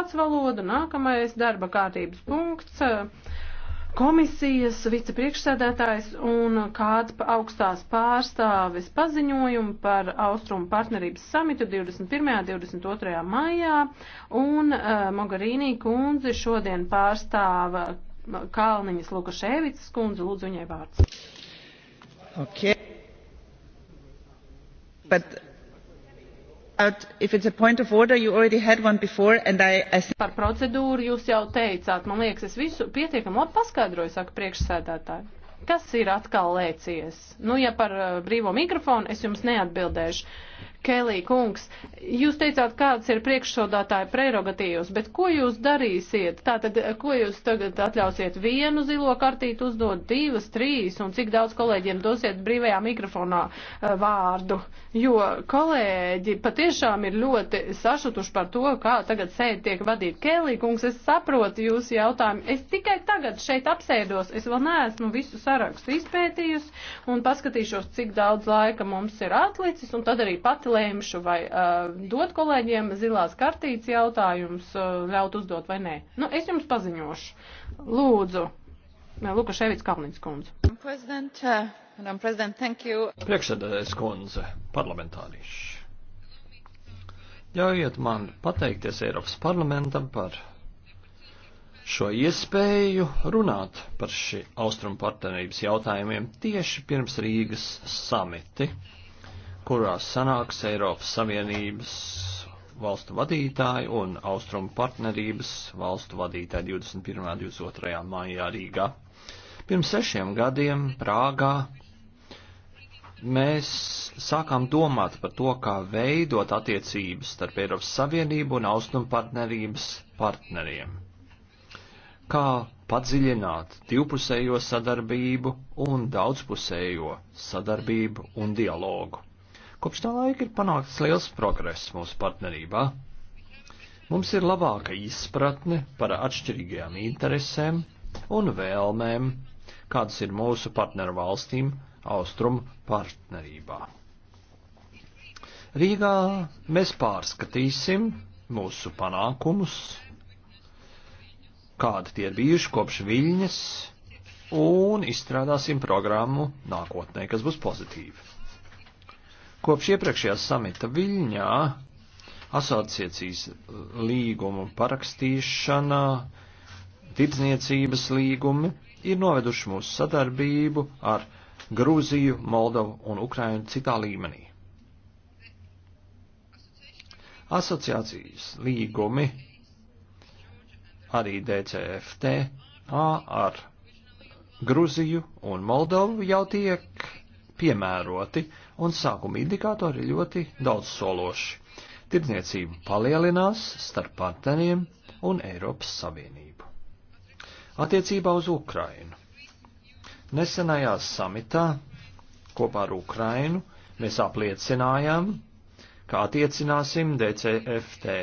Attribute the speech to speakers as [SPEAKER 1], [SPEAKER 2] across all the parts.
[SPEAKER 1] pats valoda. Nākamais darba kārtības punkts. Komisijas vicepriekšsēdētājs un kāds augstās pārstāvis paziņojumu par Austrumu partnerības samitu 21. un 22. maijā, un uh, Mogarīnī kundzi šodien pārstāva eh, Kalniņas Lukaševicas kundze, lūdzu viņai vārds.
[SPEAKER 2] Okay. But Par procedūru
[SPEAKER 1] jūs jau teicāt. Man liekas, es visu pietiekam labi paskaidroju, saka priekšsēdētāji. Kas ir atkal lēcies? Nu, ja par eh, brīvo mikrofonu es jums neatbildēšu. Kelī kungs, jūs teicāt, kādas ir priekšsodātāja prerogatīvas, bet ko jūs darīsiet? Tātad, ko jūs tagad atļausiet vienu zilo kartīti uzdot, divas, trīs, un cik daudz kolēģiem dosiet brīvajā mikrofonā eh, vārdu? Jo kolēģi patiešām ir ļoti sašutuši par to, kā tagad sēdi tiek vadīt. Kelī kungs, es saprotu jūsu jautājumu. Es tikai tagad šeit apsēdos, es vēl neesmu visu sarakstu izpētījusi un paskatīšos, cik daudz laika mums ir atlicis, un tad arī pati lemšu, vai uh, dot kolēģiem zilās kartītes jautājumus, uh, ļaut uzdot vai nē. Nu, es jums paziņošu. Lūdzu, Lukaševits
[SPEAKER 3] Kalnins kundze. Uh, Priekšsēdētājs kundze, parlamentārieši. Ļaujiet man pateikties Eiropas parlamentam par šo iespēju runāt par šī austrumu partnerības jautājumiem tieši pirms Rīgas samiti kurā sanāks Eiropas Savienības valstu vadītāji un Austrumu partnerības valstu vadītāji 21. un 22. maijā Rīgā. Pirms sešiem gadiem Prāgā mēs sākām domāt par to, kā veidot attiecības starp Eiropas Savienību un Austrumu partnerības partneriem. Kā padziļināt divpusējo sadarbību un daudzpusējo sadarbību un dialogu. Kopš tā laika ir panākts liels progress mūsu partnerībā. Mums ir labāka izpratne par atšķirīgajām interesēm un vēlmēm, kādas ir mūsu partneru valstīm austrumu partnerībā. Rīgā mēs pārskatīsim mūsu panākumus, kādi tie ir bijuši kopš Viļņas, un izstrādāsim programmu nākotnē, kas būs pozitīva. Kopš iepriekšējā samita Viļņā asociācijas līgumu parakstīšana, tirdzniecības līgumi ir noveduši mūsu sadarbību ar Grūziju, Moldovu un Ukrainu citā līmenī. Asociācijas līgumi arī DCFTA ar Gruziju un Moldovu jau tiek piemēroti, un sākuma indikātori ir ļoti daudzsološi. Tirdzniecība palielinās starp partneriem un Eiropas Savienību. Attiecībā uz Ukrainu. Nesenajā samitā kopā ar Ukrainu mēs apliecinājām, ka attiecināsim DCFTA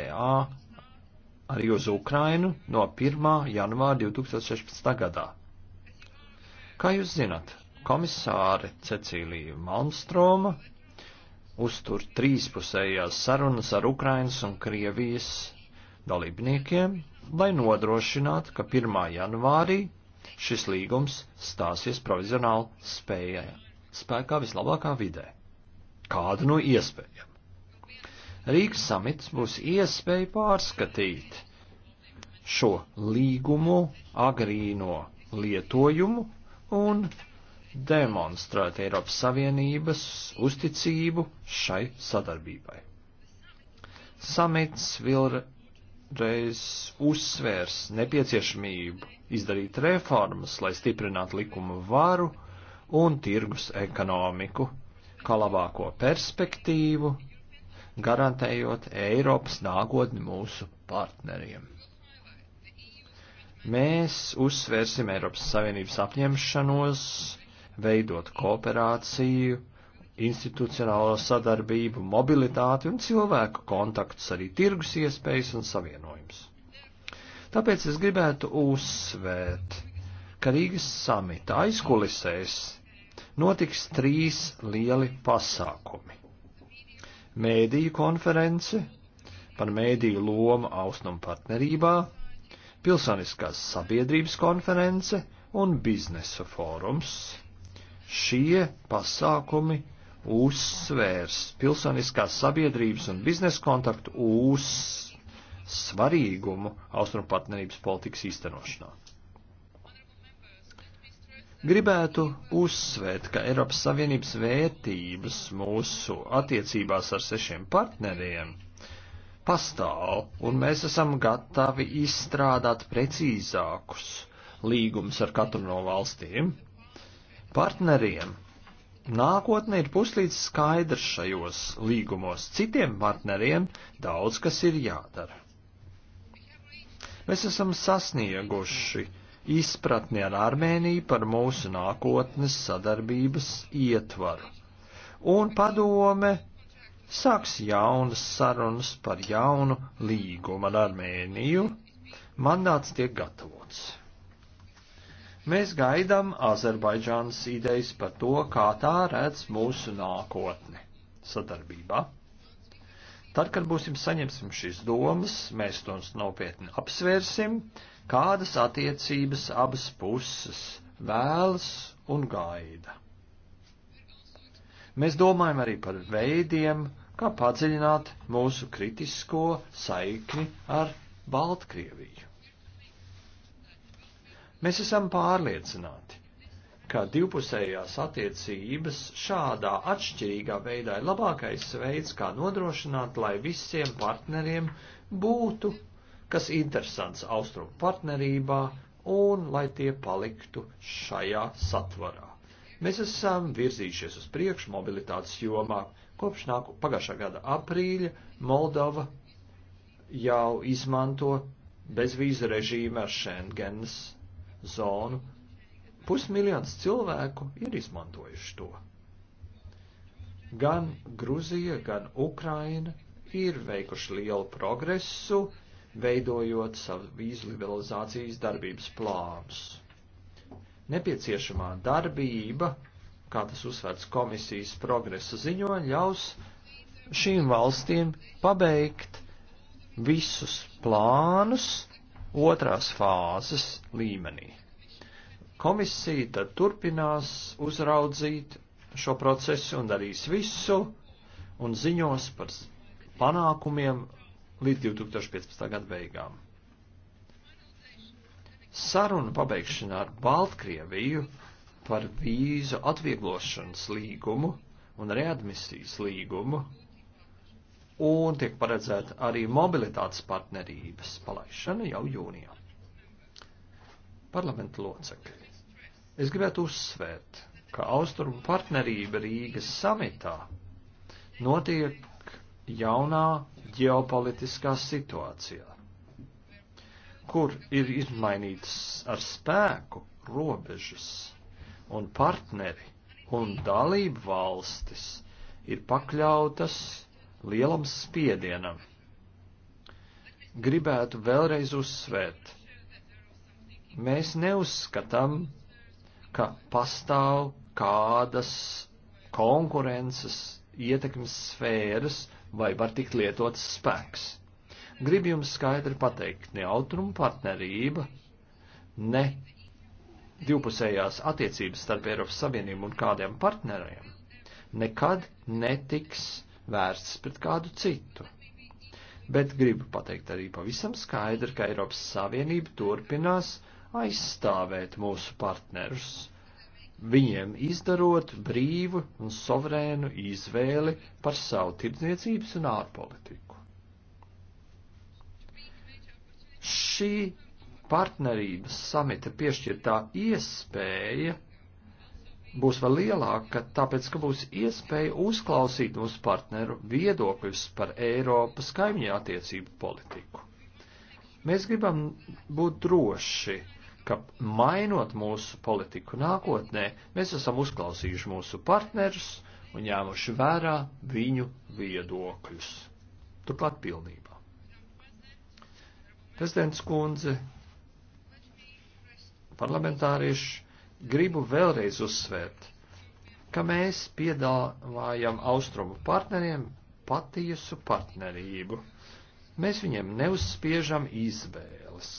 [SPEAKER 3] arī uz Ukrainu no 1. janvāra 2016. gadā. Kā jūs zinat, komisāre Cecīlija Malmstroma uztur trīspusējās sarunas ar Ukrainas un Krievijas dalībniekiem, lai nodrošinātu, ka 1. janvārī šis līgums stāsies provizionāli spējai, spēkā vislabākā vidē. Kāda no iespējām? Rīgas samits būs iespēja pārskatīt šo līgumu agrīno lietojumu un demonstrēt Eiropas Savienības uzticību šai sadarbībai. Samits vēlreiz uzsvērs nepieciešamību izdarīt reformas, lai stiprinātu likumu varu un tirgus ekonomiku, kā labāko perspektīvu, garantējot Eiropas nākotni mūsu partneriem mēs uzsvērsim Eiropas Savienības apņemšanos veidot kooperāciju, institucionālo sadarbību, mobilitāti un cilvēku kontaktus, arī tirgus iespējas un savienojums. Tāpēc es gribētu uzsvērt, ka Rīgas samita aizkulisēs notiks trīs lieli pasākumi. Mēdīju konference par mēdīju lomu austrumu partnerībā, pilsoniskās sabiedrības konference un biznesu fórums Šie pasākumi uzsvērs pilsoniskās sabiedrības un biznesa kontaktu uz svarīgumu austrumpartnerības politikas īstenošanā. Gribētu uzsvērt, ka Eiropas Savienības vērtības mūsu attiecībās ar sešiem partneriem pastāv, un mēs esam gatavi izstrādāt precīzākus līgumus ar katru no valstīm, partneriem nākotne ir puslīdz skaidrs šajos līgumos, citiem partneriem daudz kas ir jādara. Mēs esam sasnieguši izpratni ar Armēniju par mūsu nākotnes sadarbības ietvaru, un padome sāks jaunas sarunas par jaunu līgumu ar Armēniju. Mandāts tiek gatavots. Mēs gaidām Azerbaidžānas idejas par to, kā tā redz mūsu nākotni sadarbībā. Tad, kad būsim saņemsim šīs domas, mēs tos nopietni apsvērsim, kādas attiecības abas puses vēlas un gaida. Mēs domājam arī par veidiem, kā padziļināt mūsu kritisko saikni ar Baltkrieviju. Mēs esam pārliecināti, ka divpusējās attiecības šādā atšķirīgā veidā ir labākais veids, kā nodrošināt, lai visiem partneriem būtu kas interesants austrumu partnerībā un lai tie paliktu šajā satvarā. Mēs esam virzījušies uz priekšu mobilitātes jomā. Kopš nāku pagājušā gada aprīļa Moldova jau izmanto bezvīzu režīmu ar Schengens zonu. Pusmiljons cilvēku ir izmantojuši to. Gan Gruzija, gan Ukraina ir veikuši lielu progresu, veidojot savu vīzu liberalizācijas darbības plānus. Nepieciešamā darbība, kā tas uzsvērts komisijas progresa ziņo, ļaus šīm valstīm pabeigt visus plānus, otrās fāzes līmenī. Komisija tad turpinās uzraudzīt šo procesu un darīs visu un ziņos par panākumiem līdz 2015. gada beigām. Saruna pabeigšana ar Baltkrieviju par vīzu atvieglošanas līgumu un readmisijas līgumu un tiek paredzēta arī mobilitātes partnerības palaišana jau jūnijā. Parlamenta locekļi. Es gribētu uzsvērt, ka austrumu partnerība Rīgas samitā notiek jaunā ģeopolitiskā situācijā, kur ir izmainītas ar spēku robežas un partneri un dalību valstis ir pakļautas lielam spiedienam. Gribētu vēlreiz uzsvērt, mēs neuzskatām, ka pastāv kādas konkurences ietekmes sfēras vai var tikt lietots spēks. Gribu jums skaidri pateikt, ne austrumu partnerība, ne divpusējās attiecības starp Eiropas Savienību un kādiem partneriem nekad netiks vērsts pret kādu citu. Bet gribu pateikt arī pavisam skaidri, ka Eiropas Savienība turpinās aizstāvēt mūsu partnerus, viņiem izdarot brīvu un soverēnu izvēli par savu tirdzniecības un ārpolitiku. Šī partnerības samita piešķirtā iespēja būs vēl lielāka, tāpēc, ka būs iespēja uzklausīt mūsu partneru viedokļus par Eiropas kaimiņu attiecību politiku. Mēs gribam būt droši, ka mainot mūsu politiku nākotnē, mēs esam uzklausījuši mūsu partnerus un ņēmuši vērā viņu viedokļus. Turklāt pilnībā. Prezidents kundze, parlamentārieši, gribu vēlreiz uzsvērt, ka mēs piedāvājam austrumu partneriem patiesu partnerību. Mēs viņiem neuzspiežam izvēles.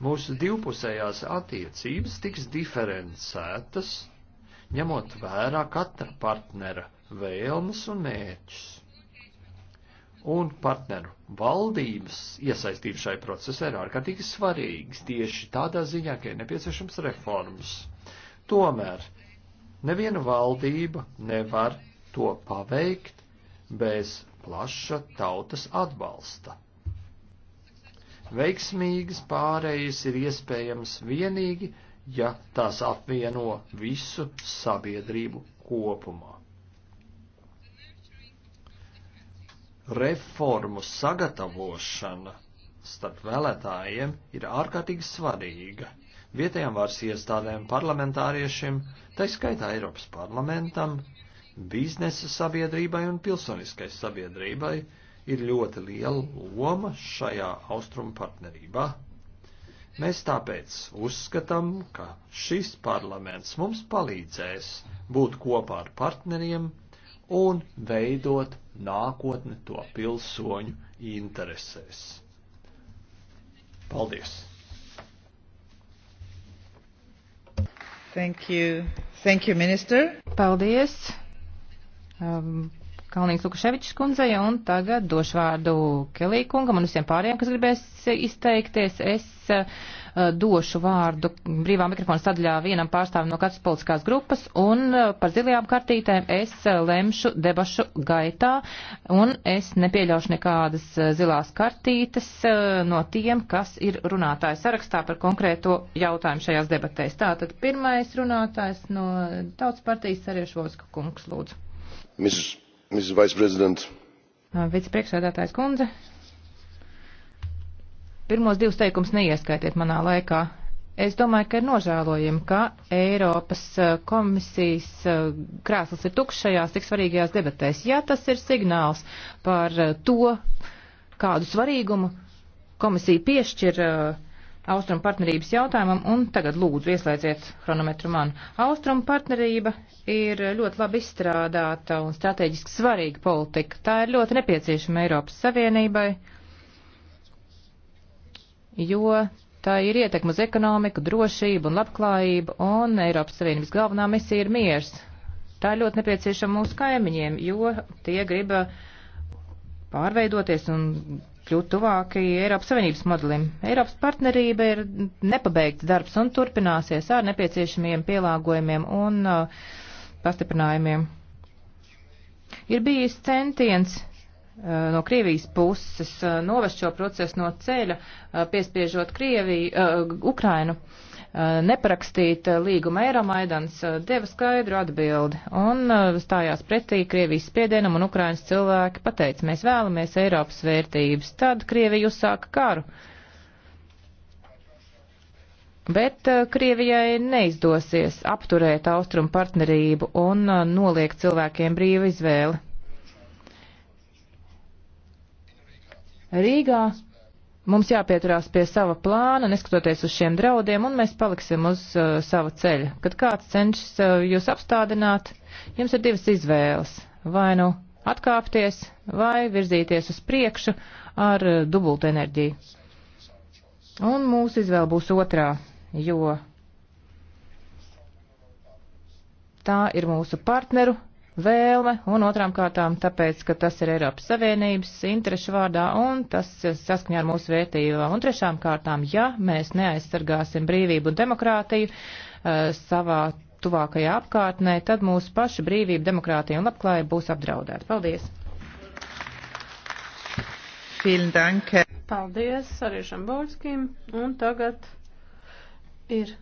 [SPEAKER 3] Mūsu divpusējās attiecības tiks diferencētas, ņemot vērā katra partnera vēlmes un mērķus un partneru valdības iesaistība šai procesā ir ārkārtīgi svarīgs tieši tādā ziņā, ka ir nepieciešams reformas. Tomēr neviena valdība nevar to paveikt bez plaša tautas atbalsta. Veiksmīgas pārējas ir iespējams vienīgi, ja tās apvieno visu sabiedrību kopumā. reformu sagatavošana starp vēlētājiem ir ārkārtīgi svarīga. Vietējām varas iestādēm, parlamentāriešiem, tai skaitā Eiropas parlamentam, biznesa sabiedrībai un pilsoniskai sabiedrībai ir ļoti liela loma šajā austrumu partnerībā. Mēs tāpēc uzskatām, ka šis parlaments mums palīdzēs būt kopā ar partneriem un veidot nākotni to pilsoņu interesēs. Paldies!
[SPEAKER 2] Thank you. Thank you, minister. Paldies. Um, Kalnīgs Lukaševičs kundzei, un tagad došu vārdu Kelī kungam un visiem pārējiem, kas gribēs izteikties. Es uh, došu vārdu brīvā mikrofona sadaļā vienam pārstāvim no katras politiskās grupas, un uh, par zilajām kartītēm es uh, lemšu debašu gaitā, un es nepieļaušu nekādas zilās kartītes no tiem, kas ir runātāju sarakstā par konkrēto jautājumu šajās debatēs. Tātad pirmais runātājs no Tautas partijas Sariešu Voska kungs, lūdzu. Mrs. Vicepriekšsēdētājs kundze, pirmos divus teikumus neieskaitiet manā laikā. Es domāju, ka ir nožēlojami, ka Eiropas komisijas krēsls ir tukšs šajās tik svarīgajās debatēs. Ja tas ir signāls par to, kādu svarīgumu komisija piešķir uh, Austrum partnerības jautājumam, un tagad lūdzu ieslēdziet chronometru man. Austrum partnerība ir ļoti labi izstrādāta un strateģiski svarīga politika. Tā ir ļoti nepieciešama Eiropas Savienībai, jo tā ir ietekma uz ekonomiku, drošību un labklājību, un Eiropas Savienības galvenā misija ir miers. Tā ir ļoti nepieciešama mūsu kaimiņiem, jo tie grib pārveidoties un kļūt tuvāki Eiropas Savienības modelim. Eiropas partnerība ir nepabeigts darbs un turpināsies ar nepieciešamiem pielāgojumiem un uh, pastiprinājumiem. Ir bijis centiens uh, no Krievijas puses uh, novest šo procesu no ceļa, uh, piespiežot Krieviju, uh, Ukrainu. Uh, Eh, neparakstīt eh, līgumu Eiromaidans, eh, deva skaidru atbildi un stājās pretī Krievijas spiedienam un Ukrainas cilvēki pateica, mēs vēlamies Eiropas vērtības. Tad Krievija uzsāka karu. Bet Krievijai neizdosies apturēt austrumu partnerību un noliek cilvēkiem brīvu izvēli. Rīgā Mums jāpieturās pie sava plāna, neskatoties uz šiem draudiem, un mēs paliksim uz uh, sava ceļa. Kad kāds cenšas uh, jūs apstādināt, jums ir divas izvēles - vai nu atkāpties, vai virzīties uz priekšu ar uh, dubultu enerģiju. Un mūsu izvēle būs otrā, jo tā ir mūsu partneru vēlme, un otrām kārtām tāpēc, ka tas ir Eiropas Savienības interešu vārdā, un tas saskaņā ar mūsu vērtībām, un trešām kārtām, ja mēs neaizsargāsim brīvību un demokrātiju uh, savā tuvākajā apkārtnē, tad mūsu paša brīvība, demokrātija un labklājība būs apdraudēta. Paldies!
[SPEAKER 1] Paldies arī Šamborskijam, un tagad ir.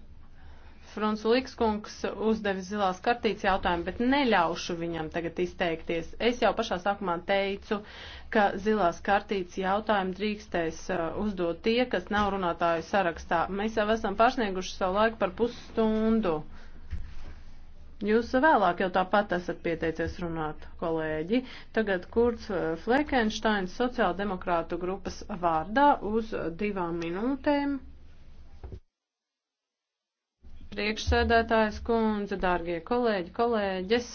[SPEAKER 1] Frunzulīkskungs uzdevis zilās kartītes jautājumu, bet neļaušu viņam tagad izteikties. Es jau pašā sākumā teicu, ka zilās kartītes jautājumu drīkstēs uh, uzdot tie, kas nav runātāju sarakstā. Mēs jau esam pārsnieguši savu laiku par pusstundu. Jūs vēlāk jau tāpat esat pieteicies runāt, kolēģi. Tagad Kurts uh, Flekenštains sociāldemokrātu grupas vārdā uz divām minūtēm. Priekšsēdētājs kundze, dārgie kolēģi, kolēģis.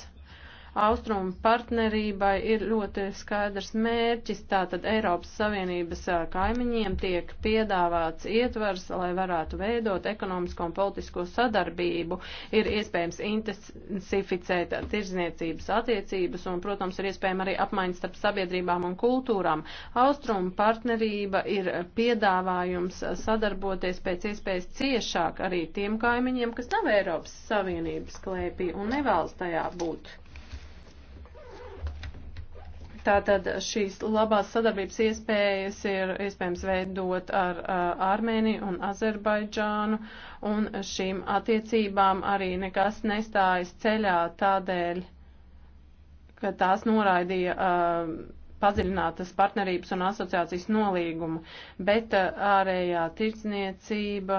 [SPEAKER 1] Austrumu partnerībai ir ļoti skaidrs mērķis, tātad Eiropas Savienības kaimiņiem tiek piedāvāts ietvars, lai varētu veidot ekonomisko un politisko sadarbību, ir iespējams intensificēt tirzniecības attiecības un, protams, ir iespējama arī apmaiņas starp sabiedrībām un kultūrām. Austrumu partnerība ir piedāvājums sadarboties pēc iespējas ciešāk arī tiem kaimiņiem, kas nav Eiropas Savienības klēpī un nevēlas tajā būt. Tātad šīs labās sadarbības iespējas ir iespējams veidot ar uh, Armēniju un Azerbaidžānu, un šīm attiecībām arī nekas nestājas ceļā tādēļ, ka tās noraidīja. Uh, padziļinātas partnerības un asociācijas nolīgumu, bet uh, ārējā tirdzniecība,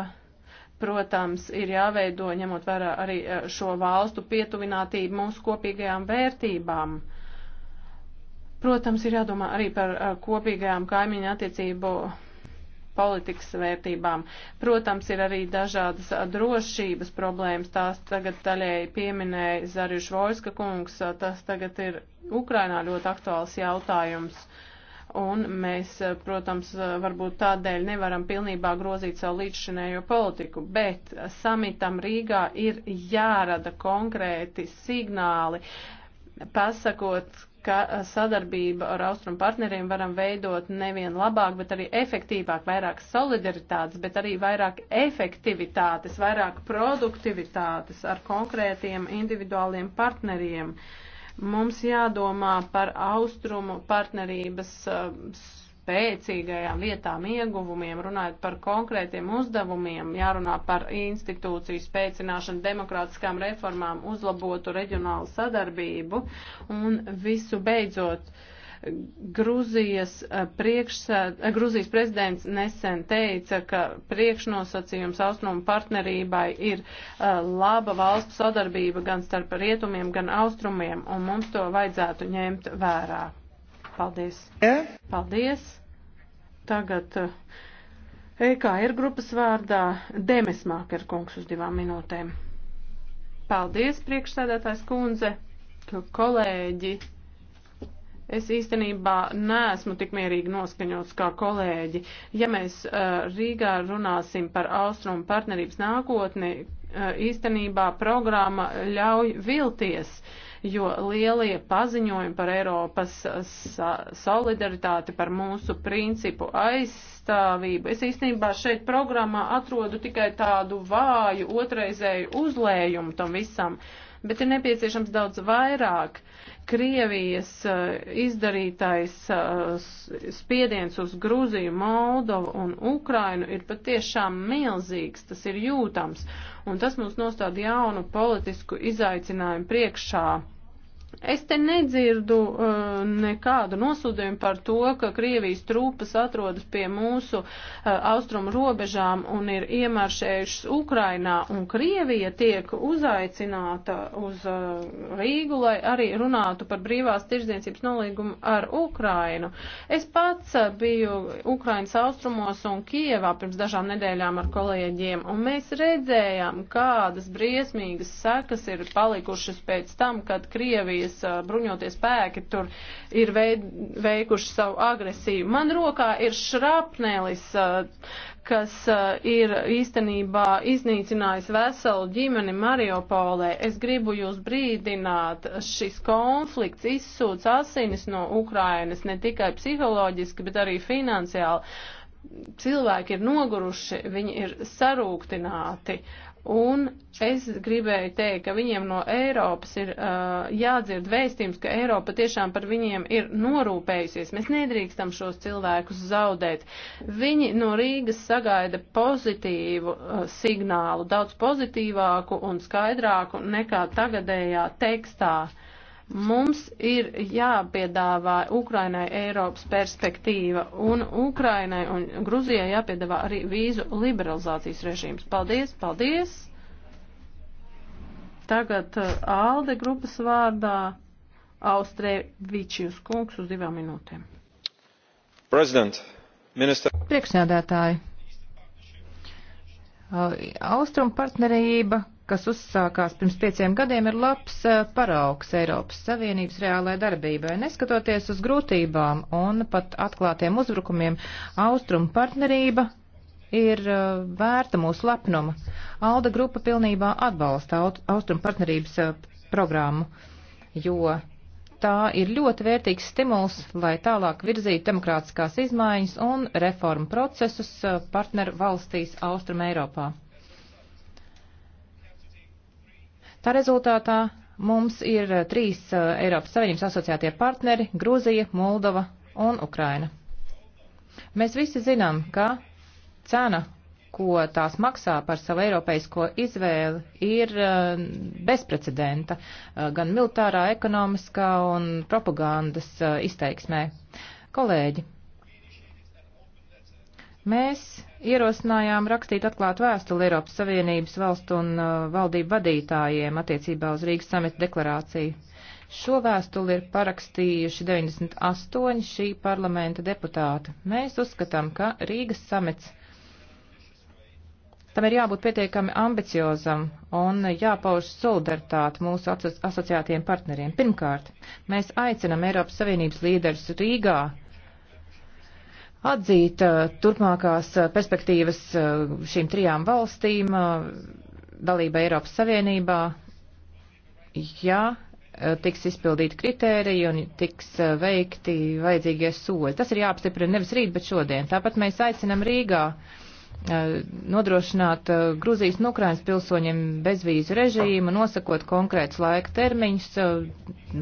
[SPEAKER 1] protams, ir jāveido ņemot vērā arī uh, šo valstu pietuvinātību mūsu kopīgajām vērtībām. Protams, ir jādomā arī par uh, kopīgajām kaimiņu attiecību politikas vērtībām. Protams, ir arī dažādas uh, drošības problēmas. Tās tagad daļēji pieminēja Zariuš Vojska kungs. Uh, tas tagad ir Ukrainā ļoti aktuāls jautājums. Un mēs, protams, varbūt tādēļ nevaram pilnībā grozīt savu līdzšinējo politiku, bet samitam Rīgā ir jārada konkrēti signāli, pasakot, ka sadarbība ar austrumu partneriem varam veidot nevien labāk, bet arī efektīvāk, vairāk solidaritātes, bet arī vairāk efektivitātes, vairāk produktivitātes ar konkrētiem individuāliem partneriem. Mums jādomā par austrumu partnerības spēcīgajām vietām, ieguvumiem, runājot par konkrētiem uzdevumiem, jārunā par institūciju spēcināšanu, demokrātiskām reformām, uzlabotu reģionālu sadarbību un visu beidzot. Gruzijas, eh, priekšsēd, eh, Gruzijas prezidents nesen teica, ka priekšnosacījums austrumu partnerībai ir uh, laba valstu sadarbība gan starp rietumiem, gan austrumiem, un mums to vajadzētu ņemt vērā. Paldies. Yeah. Paldies. Tagad EKR eh, e grupas vārdā Demesmāker kungs uz divām minūtēm. Paldies, priekšsēdētājs kundze, kolēģi. Es īstenībā neesmu tik mierīgi noskaņots kā kolēģi. Ja mēs uh, Rīgā runāsim par austrumu partnerības nākotni, uh, īstenībā programma ļauj vilties. Uh, jo lielie paziņojumi par Eiropas solidaritāti, par mūsu principu aizstāvību, es īstenībā šeit programmā atrodu tikai tādu vāju otraizēju uzlējumu tam visam bet ir nepieciešams daudz vairāk. Krievijas eh, izdarītais eh, spiediens uz Gruziju, Moldovu un Ukrainu ir patiešām milzīgs, tas ir jūtams, un tas mums nostāda jaunu politisku izaicinājumu priekšā. Es te nedzirdu uh, nekādu nosūdījumu par to, ka Krievijas trūpas atrodas pie mūsu uh, austrumu robežām un ir iemaršējušas Ukrainā, un Krievija tiek uzaicināta uz uh, Rīgu, lai arī runātu par brīvās tirdzniecības nolīgumu ar Ukrainu. Es pats uh, biju Ukrainas austrumos un Kievā pirms dažām nedēļām ar kolēģiem, un mēs redzējām, kādas briesmīgas sekas ir palikušas pēc tam, kad Krievija Krievijas bruņotie spēki tur ir veikuši savu agresiju. Man rokā ir šrapnelis, kas ir īstenībā iznīcinājis veselu ģimeni Mariupolē. Es gribu jūs brīdināt, šis konflikts izsūc asinis no Ukrainas ne tikai psiholoģiski, bet arī finansiāli cilvēki ir noguruši, viņi ir sarūktināti, Un es gribēju teikt, ka viņiem no Eiropas ir uh, jādzird vēstījums, ka Eiropa tiešām par viņiem ir norūpējusies. Mēs nedrīkstam šos cilvēkus zaudēt. Viņi no Rīgas sagaida pozitīvu uh, signālu, daudz pozitīvāku un skaidrāku nekā tagadējā tekstā. Uh, Mums ir jāpiedāvā Ukrainai Eiropas perspektīva un Ukrainai un Gruzijai jāpiedāvā arī vīzu liberalizācijas režīms. Paldies, paldies! Tagad uh, Alde grupas vārdā Austrēvičijus kungs uz divām minūtēm. Prezident, ministra.
[SPEAKER 2] Priekšsēdētāji. Uh, Austrum partnerība kas uzsākās pirms pieciem gadiem, ir labs eh, paraugs Eiropas Savienības reālajai darbībai. Neskatoties uz grūtībām un pat atklātiem uzbrukumiem, austrumu partnerība ir eh, vērta mūsu lepnuma. Alda grupa pilnībā atbalsta austrumu partnerības eh, programmu, jo tā ir ļoti vērtīgs stimuls, lai tālāk virzītu demokrātiskās izmaiņas un reformu procesus partneru valstīs Austrum Eiropā. Tā rezultātā mums ir eh, trīs eh, Eiropas Savienības asociētie partneri - Grūzija, Moldova un Ukraina. Mēs visi zinām, ka cena, ko tās maksā par savu eiropeisko izvēli, ir eh, bezprecedenta gan militārā, ekonomiskā un propagandas izteiksmē. Kolēģi, Mēs ierosinājām rakstīt atklātu vēstuli Eiropas Savienības valstu un uh, valdību vadītājiem attiecībā uz Rīgas samita deklarāciju. Šo vēstuli ir parakstījuši 98 šī parlamenta deputāti. Mēs uzskatām, ka Rīgas samits tam ir jābūt pietiekami ambiciozam un jāpauž solidaritāti mūsu aso asociētiem partneriem. Pirmkārt, mēs aicinam Eiropas Savienības līderus Rīgā atzīt eh, turpmākās eh, perspektīvas eh, šīm trijām valstīm dalība Eiropas Savienībā, ja tiks izpildīti kriteriji un tiks veikti vajadzīgie soļi. Tas ir jāapstiprina nevis rīt, bet šodien. Tāpat mēs aicinam Rīgā nodrošināt Gruzijas un Ukrainas pilsoņiem bezvīzu režīmu, nosakot konkrēts laika termiņus,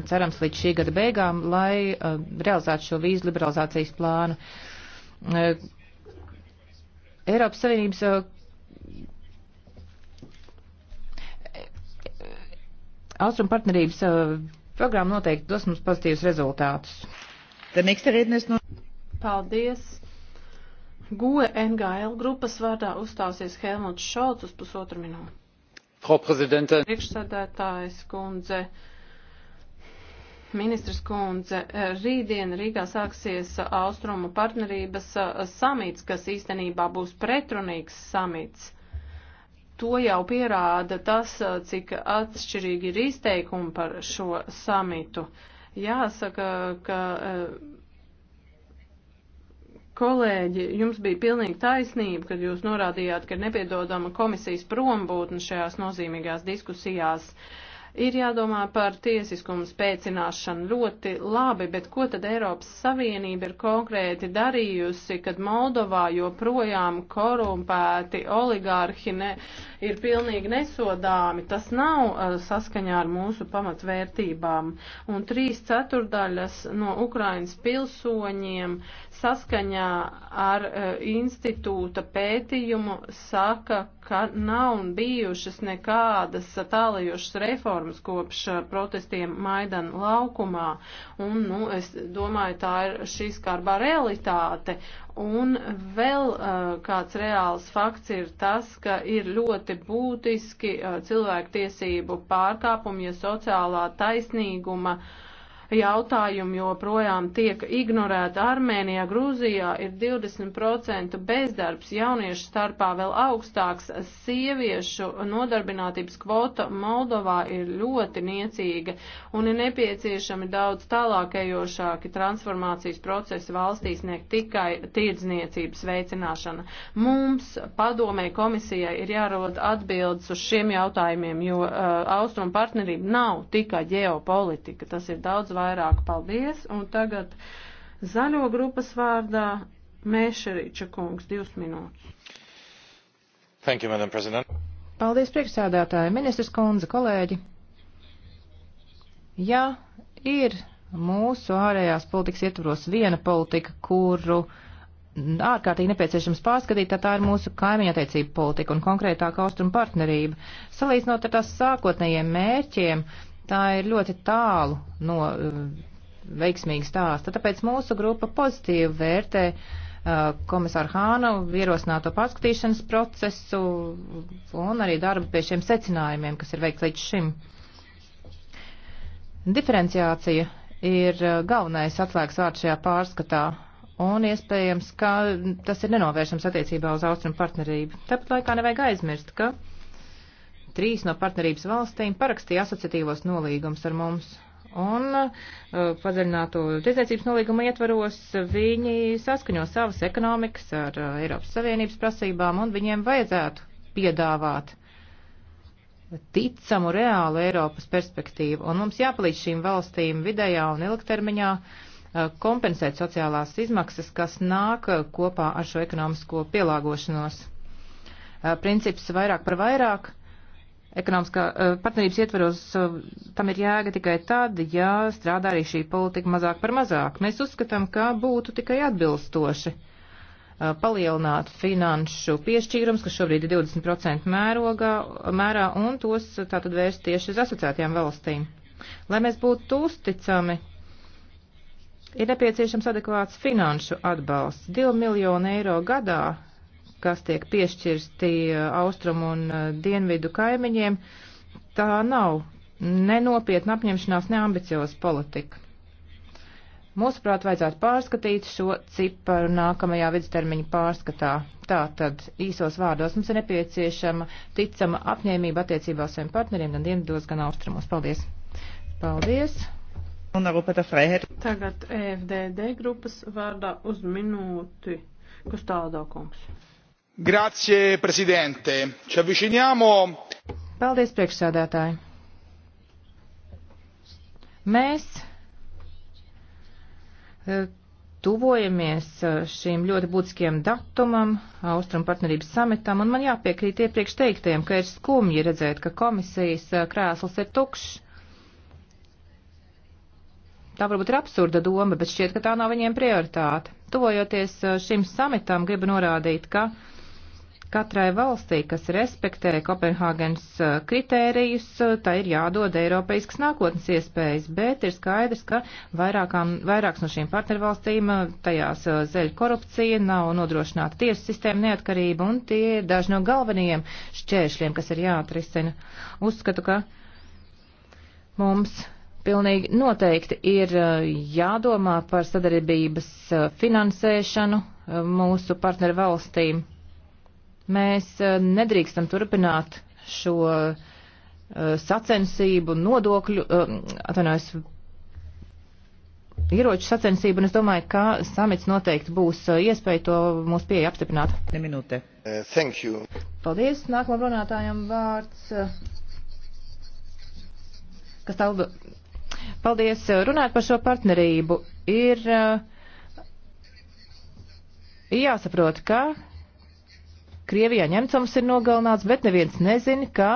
[SPEAKER 2] cerams, līdz šī gada beigām, lai realizētu šo vīzu liberalizācijas plānu. Uh, Eh, Eiropas Savienības eh, Austrum partnerības eh, programma noteikti dos mums pozitīvus rezultātus.
[SPEAKER 1] Paldies! GUE NGL grupas vārdā uzstāsies Helmuts Šalts uz pusotru minūti.
[SPEAKER 4] Frau Präsidentin!
[SPEAKER 1] Priekšsēdētājs kundze! Ministras kundze, eh, rītdien Rīgā sāksies eh, Austrumu partnerības eh, samits, kas īstenībā būs pretrunīgs samits. To jau pierāda tas, cik atšķirīgi ir izteikumi par šo samitu. Jāsaka, ka kolēģi, jums bija pilnīgi taisnība, kad jūs norādījāt, ka ir nepiedodama komisijas prombūtne šajās nozīmīgās diskusijās. Uh, Ir jādomā par tiesiskumu spēcināšanu ļoti labi, bet ko tad Eiropas Savienība ir konkrēti darījusi, kad Moldovā joprojām korumpēti oligārhi ne, ir pilnīgi nesodāmi? Tas nav uh, saskaņā ar mūsu pamatvērtībām. Un trīs ceturdaļas no Ukrainas pilsoņiem saskaņā ar uh, institūta pētījumu saka, ka nav bijušas nekādas tālajošas reformas kopš uh, protestiem Maidan laukumā. Un, nu, es domāju, tā ir šīs kārbā realitāte. Un vēl uh, kāds reāls fakts ir tas, ka ir ļoti būtiski uh, cilvēktiesību pārkāpumi, ja sociālā taisnīguma uh, jautājumi joprojām tiek ignorēti. Armēnijā, Grūzijā ir 20% bezdarbs, jauniešu starpā vēl augstāks, sieviešu nodarbinātības kvota Moldovā ir ļoti niecīga un ir nepieciešami daudz tālākajošāki transformācijas procesi valstīs, ne tikai tirdzniecības veicināšana. Mums padomē komisijai ir jārod atbildes uz šiem jautājumiem, jo uh, austrumu partnerība nav tikai ģeopolitika, tas ir daudz vairāk vairāk. Paldies! Un tagad zaļo grupas vārdā Mēšeriča kungs,
[SPEAKER 2] divas minūtes.
[SPEAKER 5] Thank you, Madam President.
[SPEAKER 2] Paldies, priekšsēdētāji, ministrs kundze, kolēģi. Ja ir mūsu ārējās politikas ietvaros viena politika, kuru ārkārtīgi nepieciešams pārskatīt, tad tā ir mūsu kaimiņattiecība politika un konkrētāk austrumu partnerība. Salīdzinot ar tās sākotnējiem mērķiem, tā ir ļoti tālu no eh, veiksmīga stāsta. Tāpēc mūsu grupa pozitīvi vērtē eh, komisāru Hānu ierosināto paskatīšanas procesu un arī darbu pie šiem secinājumiem, kas ir veikts līdz šim. Diferenciācija ir eh, galvenais atslēgas vārds šajā pārskatā un iespējams, ka tas ir nenovēršams attiecībā uz austrumu partnerību. Tāpat laikā nevajag aizmirst, ka Trīs no partnerības valstīm parakstīja asociatīvos nolīgumus ar mums. Un uh, padziļināto tirdzniecības nolīguma ietvaros viņi saskaņo savas ekonomikas ar uh, Eiropas Savienības prasībām un viņiem vajadzētu piedāvāt ticamu reālu Eiropas perspektīvu. Un mums jāpalīdz šīm valstīm vidējā un ilgtermiņā uh, kompensēt sociālās izmaksas, kas nāk uh, kopā ar šo ekonomisko pielāgošanos. Uh, princips vairāk par vairāk Ekonomiskā eh, partnerības ietveros eh, tam ir jēga tikai tad, ja strādā arī šī politika mazāk par mazāk. Mēs uzskatām, ka būtu tikai atbilstoši eh, palielināt finanšu piešķīrums, kas šobrīd ir 20% mērogā, mērā, un tos tātad vērst tieši uz asociētajām valstīm. Lai mēs būtu uzticami, ir nepieciešams adekvāts finanšu atbalsts. 2 miljonu eiro gadā kas tiek piešķirti eh, austrumu un eh, dienvidu kaimiņiem, tā nav nenopietna apņemšanās, neambicioza politika. Mūsuprāt, vajadzētu pārskatīt šo ciparu nākamajā vidustermiņa pārskatā. Tātad īsos vārdos mums ir nepieciešama ticama apņēmība attiecībā uz saviem partneriem gan dienvidos, gan austrumos. Paldies! Paldies! Tagad
[SPEAKER 1] EFDD grupas vārdā uz minūti Kustādo kungs.
[SPEAKER 5] Grazie, prezidente. Ci avviciniamo.
[SPEAKER 2] Paldies, priekšsēdētāji. Mēs eh, tuvojamies eh, šīm ļoti būtiskiem datumam, Austrum partnerības sametam, un man jāpiekrīt iepriekš teiktajiem, ka ir skumji redzēt, ka komisijas eh, krēsls ir tukšs. Tā varbūt ir absurda doma, bet šķiet, ka tā nav viņiem prioritāte. Tuvojoties šim sametam, gribu norādīt, ka Katrai valstī, kas respektē Kopenhāgenes kritērijus, tā ir jādod Eiropeisks nākotnes iespējas, bet ir skaidrs, ka vairākām, vairākas no šīm partnervalstīm tajās zeļ korupcija, nav nodrošināta tiesu sistēma neatkarība, un tie ir daži no galvenajiem šķēršļiem, kas ir jāatrisina. Uzskatu, ka mums Pilnīgi noteikti ir jādomā par sadarbības finansēšanu mūsu partneru valstīm. Mēs e, nedrīkstam turpināt šo uh, sacensību, nodokļu, uh, atvainojos, ieroču sacensību, un es domāju, ka samits noteikti būs iespēja to mūsu pieeja apstiprināt. Minūte. Uh, thank you. Paldies. Nākamajam runātājam vārds. Kas tālu? Paldies. Runāt par šo partnerību ir jāsaprot, ka Krievijā ņemcums ir nogalināts, bet neviens nezina, ka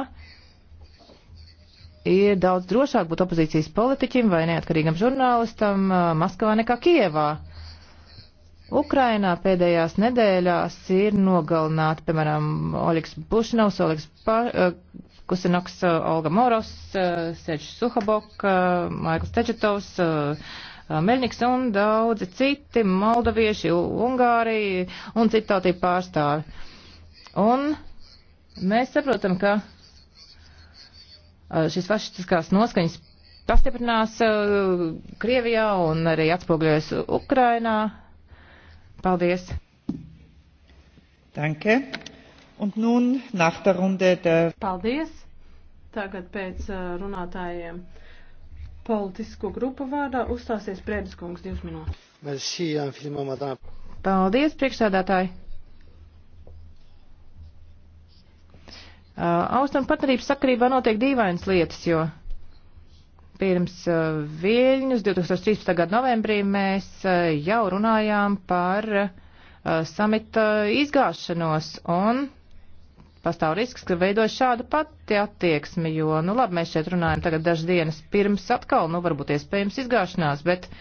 [SPEAKER 2] ir daudz drošāk būt opozīcijas politiķim vai neatkarīgam žurnālistam uh, Maskavā nekā Kievā. Ukrainā pēdējās nedēļās ir nogalināti, piemēram, Oļegs Bušnovs, Oļegs pa, uh, Kusinoks, uh, Olga Moros, Seģis Suhabok, Maikls Teģetovs, Meļņiks un daudzi citi, Moldavieši, Ungāri un citātī pārstāvi. Un mēs saprotam, ka šīs fašistiskās noskaņas pastiprinās Krievijā un arī atspogļojas Ukrainā. Paldies! Danke. Un nun nach der Runde der... Paldies!
[SPEAKER 1] Tagad pēc runātājiem politisko grupu vārdā uzstāsies
[SPEAKER 2] Prēdiskungs divas minūtes. Paldies, priekšsādātāji! Uh, Austrum partnerības sakarībā notiek dīvainas lietas, jo pirms uh, Viļņus 2013. gada novembrī mēs uh, jau runājām par samita izgāšanos un pastāv risks, ka veidojas šāda pati attieksme, jo, nu labi, mēs šeit runājam tagad dažas dienas pirms atkal, nu varbūt iespējams izgāšanās, bet uh,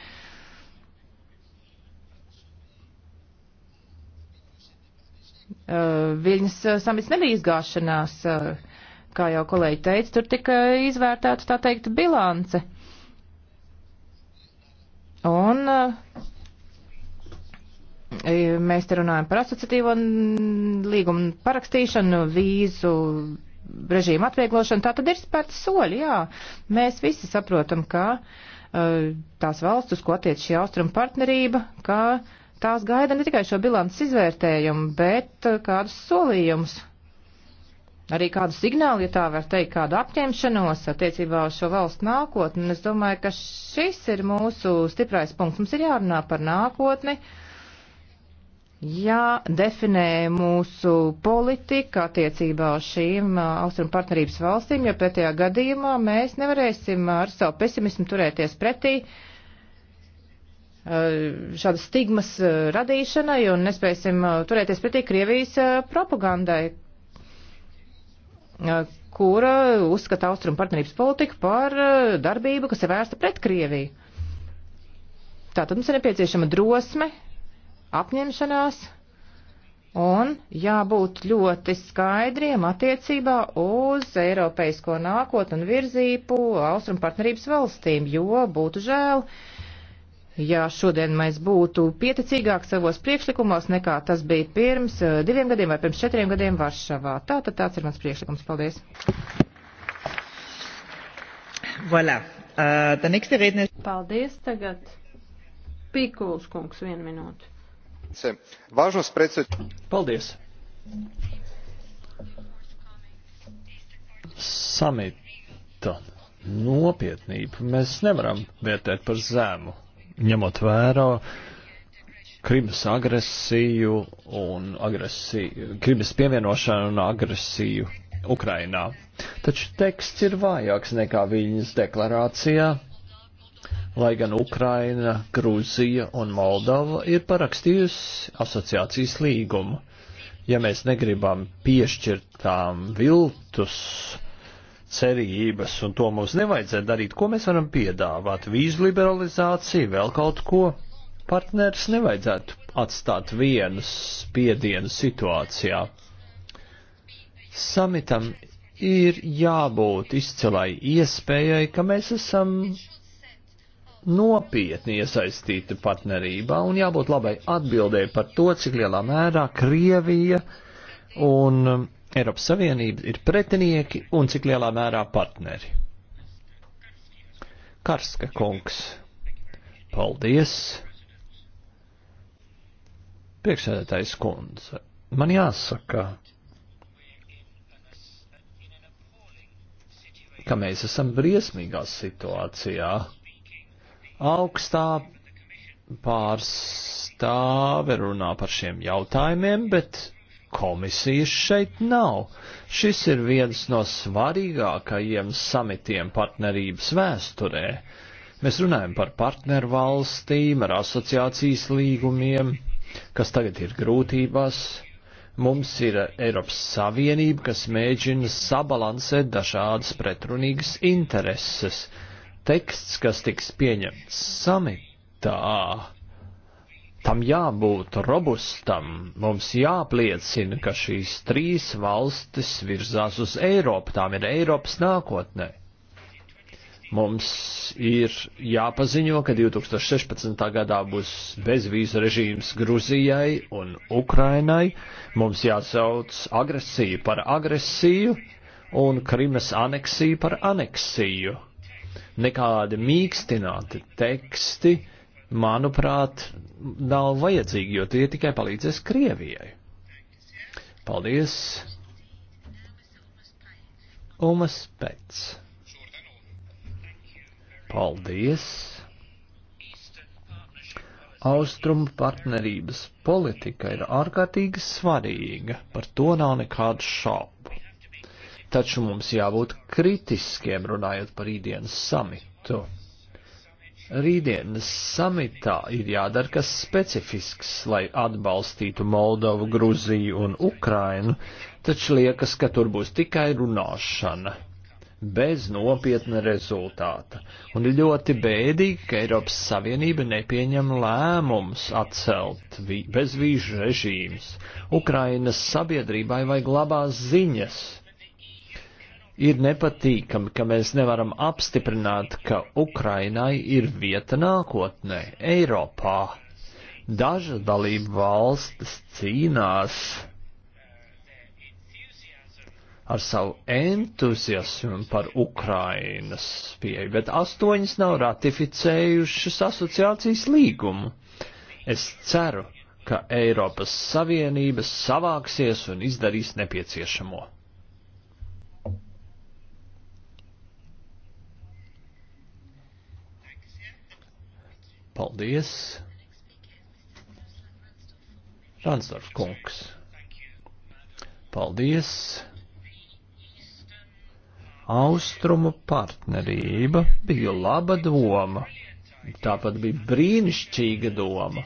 [SPEAKER 2] Uh, Viņas uh, samits nebija izgāšanās, uh, kā jau kolēģi teica, tur tika izvērtēta tā teikt bilance. Un mēs te runājam par asociatīvo līgumu parakstīšanu, vīzu režīmu atvieglošanu, tā tad ir spērti soļi, jā. Mēs visi saprotam, ka tās valsts, uz ko attiec šī austrumu partnerība, ka Tās gaida ne tikai šo bilants izvērtējumu, bet eh, kādus solījumus, arī kādu signālu, ja tā var teikt, kādu apņemšanos attiecībā uz šo valstu nākotni. Un es domāju, ka šis ir mūsu stiprais punkts. Mums ir jārunā par nākotni. Jādefinē mūsu politika attiecībā uz šīm eh, austrumu partnerības valstīm, jo pretējā gadījumā mēs nevarēsim ar savu pesimismu turēties pretī uh, Eh, šādas stigmas eh, radīšanai un nespēsim eh, turēties pretī Krievijas propagandai, kura uzskata austrumu partnerības politiku par darbību, kas ir vērsta pret Krieviju. Tātad mums ir nepieciešama drosme, apņemšanās un jābūt ļoti skaidriem attiecībā uz eiropeisko nākotnu un virzību austrumu partnerības valstīm, jo būtu žēl, uh, ja šodien mēs būtu pieticīgāk savos priekšlikumos nekā tas bija pirms eh, diviem gadiem vai pirms četriem gadiem Varšavā. Tātad tāds ir mans priekšlikums. Paldies.
[SPEAKER 3] Voilà. Uh,
[SPEAKER 2] redne... Paldies. Tagad
[SPEAKER 1] Pīkuls kungs vienu minūtu.
[SPEAKER 3] Važnos predsed... Paldies. Samita nopietnību mēs nevaram vērtēt par zēmu ņemot vērā Krimas agresiju un agresiju, Krimas pievienošanu un agresiju Ukrainā. Taču teksts ir vājāks nekā viņas deklarācijā, lai gan Ukraina, Grūzija un Moldova ir parakstījusi asociācijas līgumu. Ja mēs negribam piešķirt tām viltus cerības, un to mums nevajadzētu darīt. Ko mēs varam piedāvāt? Vīzu liberalizāciju, vēl kaut ko? Partners nevajadzētu atstāt vienus spiedienu situācijā. Samitam ir jābūt izcelai iespējai, ka mēs esam nopietni iesaistīti partnerībā un jābūt labai atbildēji par to, cik lielā mērā Krievija un Eiropas Savienība ir pretinieki un cik lielā mērā partneri. Karska kungs. Paldies. Priekšsēdētājs kundze. Man jāsaka, ka mēs esam briesmīgā situācijā. Augstā pārstāve runā par šiem jautājumiem, bet komisijas šeit nav. Šis ir viens no svarīgākajiem samitiem partnerības vēsturē. Mēs runājam par partneru valstīm, ar asociācijas līgumiem, kas tagad ir grūtībās. Mums ir Eiropas Savienība, kas mēģina sabalansēt dažādas pretrunīgas intereses. Teksts, kas tiks pieņemts samitā, tam jābūt robustam. Mums jāpliecina, ka šīs trīs valstis virzās uz Eiropu, tām ir Eiropas nākotnē. Mums ir jāpaziņo, ka 2016. gadā būs bezvīzu režīms Gruzijai un Ukrainai. Mums jāsauc agresiju par agresiju un Krimas aneksiju par aneksiju. Nekādi mīkstināti teksti, manuprāt, nav vajadzīgi, jo tie tikai palīdzēs Krievijai. Paldies! Umas pēc. Paldies! Austrumu partnerības politika ir ārkārtīgi svarīga, par to nav nekādu šaubu. Taču mums jābūt kritiskiem runājot par rītdienas samitu rītdienas samitā ir jādara kas specifisks, lai atbalstītu Moldovu, Gruziju un Ukrainu, taču liekas, ka tur būs tikai runāšana bez nopietna rezultāta. Un ir ļoti bēdīgi, ka Eiropas Savienība nepieņem lēmums atcelt bezvīžu režīmus. Ukrainas sabiedrībai vajag labās ziņas Ir nepatīkami, ka mēs nevaram apstiprināt, ka Ukrainai ir vieta nākotnē, Eiropā. Dažas dalību valstis cīnās ar savu entuziasmu par Ukrainas pieeju, bet astoņas nav ratificējušas asociācijas līgumu. Es ceru, ka Eiropas Savienība savāksies un izdarīs nepieciešamo. Paldies. Ransdorf kungs. Paldies. Austrumu partnerība bija laba doma. Tāpat bija brīnišķīga doma,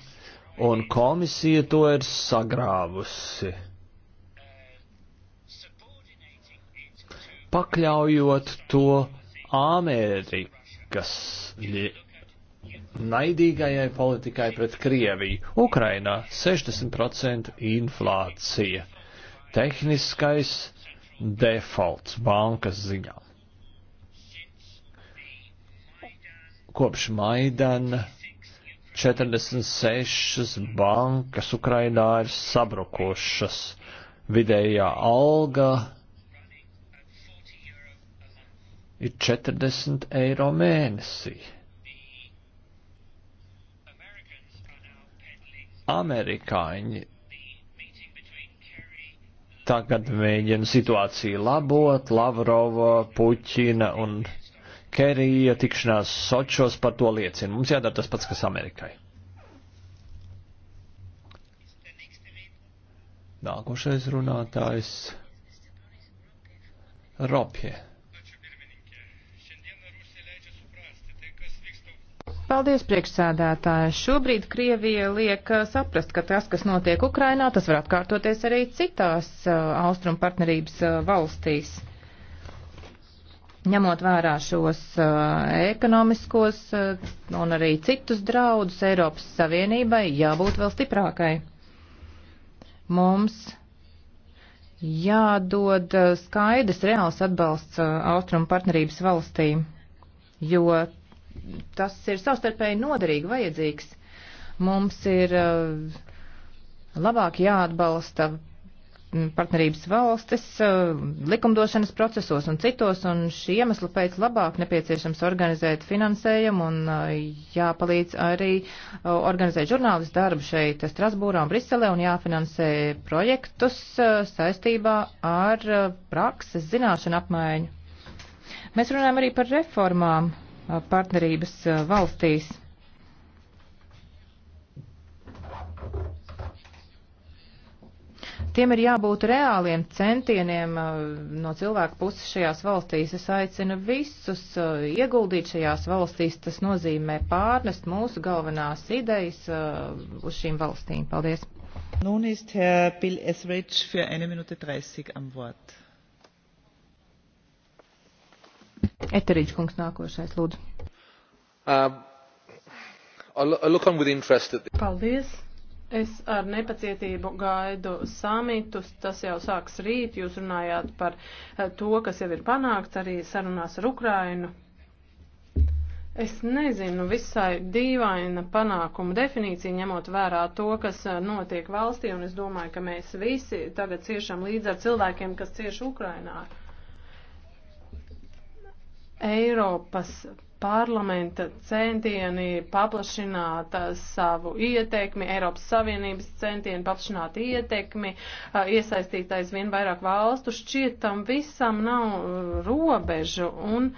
[SPEAKER 3] un komisija to ir sagrāvusi. Pakļaujot to Amerikas naidīgajai politikai pret Krieviju. Ukrainā 60% inflācija, tehniskais defaults bankas ziņā. Kopš Maidana 46 bankas Ukrainā ir sabrukušas. Vidējā alga ir 40 eiro mēnesī. amerikāņi tagad mēģina situāciju labot, Lavrova, Puķina un Kerija tikšanās Sočos par to liecina. Mums jādara tas pats, kas Amerikai. Nākošais runātājs Ropje.
[SPEAKER 2] Paldies, priekšsēdētāji. Šobrīd Krievija liek eh, saprast, ka tas, kas notiek Ukrainā, tas var atkārtoties arī citās eh, austrumu partnerības eh, valstīs. Ņemot vērā šos ekonomiskos un arī citus draudus Eiropas Savienībai, jābūt vēl stiprākai. Mums jādod skaidrs reāls atbalsts austrumu partnerības valstīm, jo tas ir savstarpēji noderīgi vajadzīgs. Mums ir uh, labāk jāatbalsta partnerības valstis uh, likumdošanas procesos un citos, un šī iemesla pēc labāk nepieciešams organizēt finansējumu un uh, jāpalīdz arī organizēt žurnālistu darbu šeit Strasbūrā un Briselē un jāfinansē projektus saistībā ar prakses zināšanu apmaiņu. Mēs runājam arī par reformām Uh, partnerības uh, valstīs. Tiem ir jābūt reāliem centieniem uh, no cilvēku puses šajās valstīs. Es aicinu visus ieguldīt šajās valstīs. Tas nozīmē pārnest mūsu galvenās idejas uz šīm valstīm. Paldies! Nun ist Herr Bill Esrich für eine Minute 30 am Wort. Eterīģis kungs nākošais, lūdzu.
[SPEAKER 4] Um, I'll look on with interest at the...
[SPEAKER 1] Paldies. Es ar nepacietību gaidu samitus, tas jau sāks rīt, jūs runājāt par eh, to, kas jau ir panākts arī sarunās ar Ukrainu. Es nezinu, visai dīvaina panākuma definīcija ņemot vērā to, kas eh, notiek valstī, un es domāju, ka mēs visi tagad ciešam līdz ar cilvēkiem, kas cieši Ukrainā. Uh, Eiropas parlamenta centieni paplašināt uh, savu ietekmi, Eiropas Savienības centieni paplašināt ietekmi, uh, iesaistīt aizvien vairāk valstu, šķiet tam visam nav uh, robežu. Un,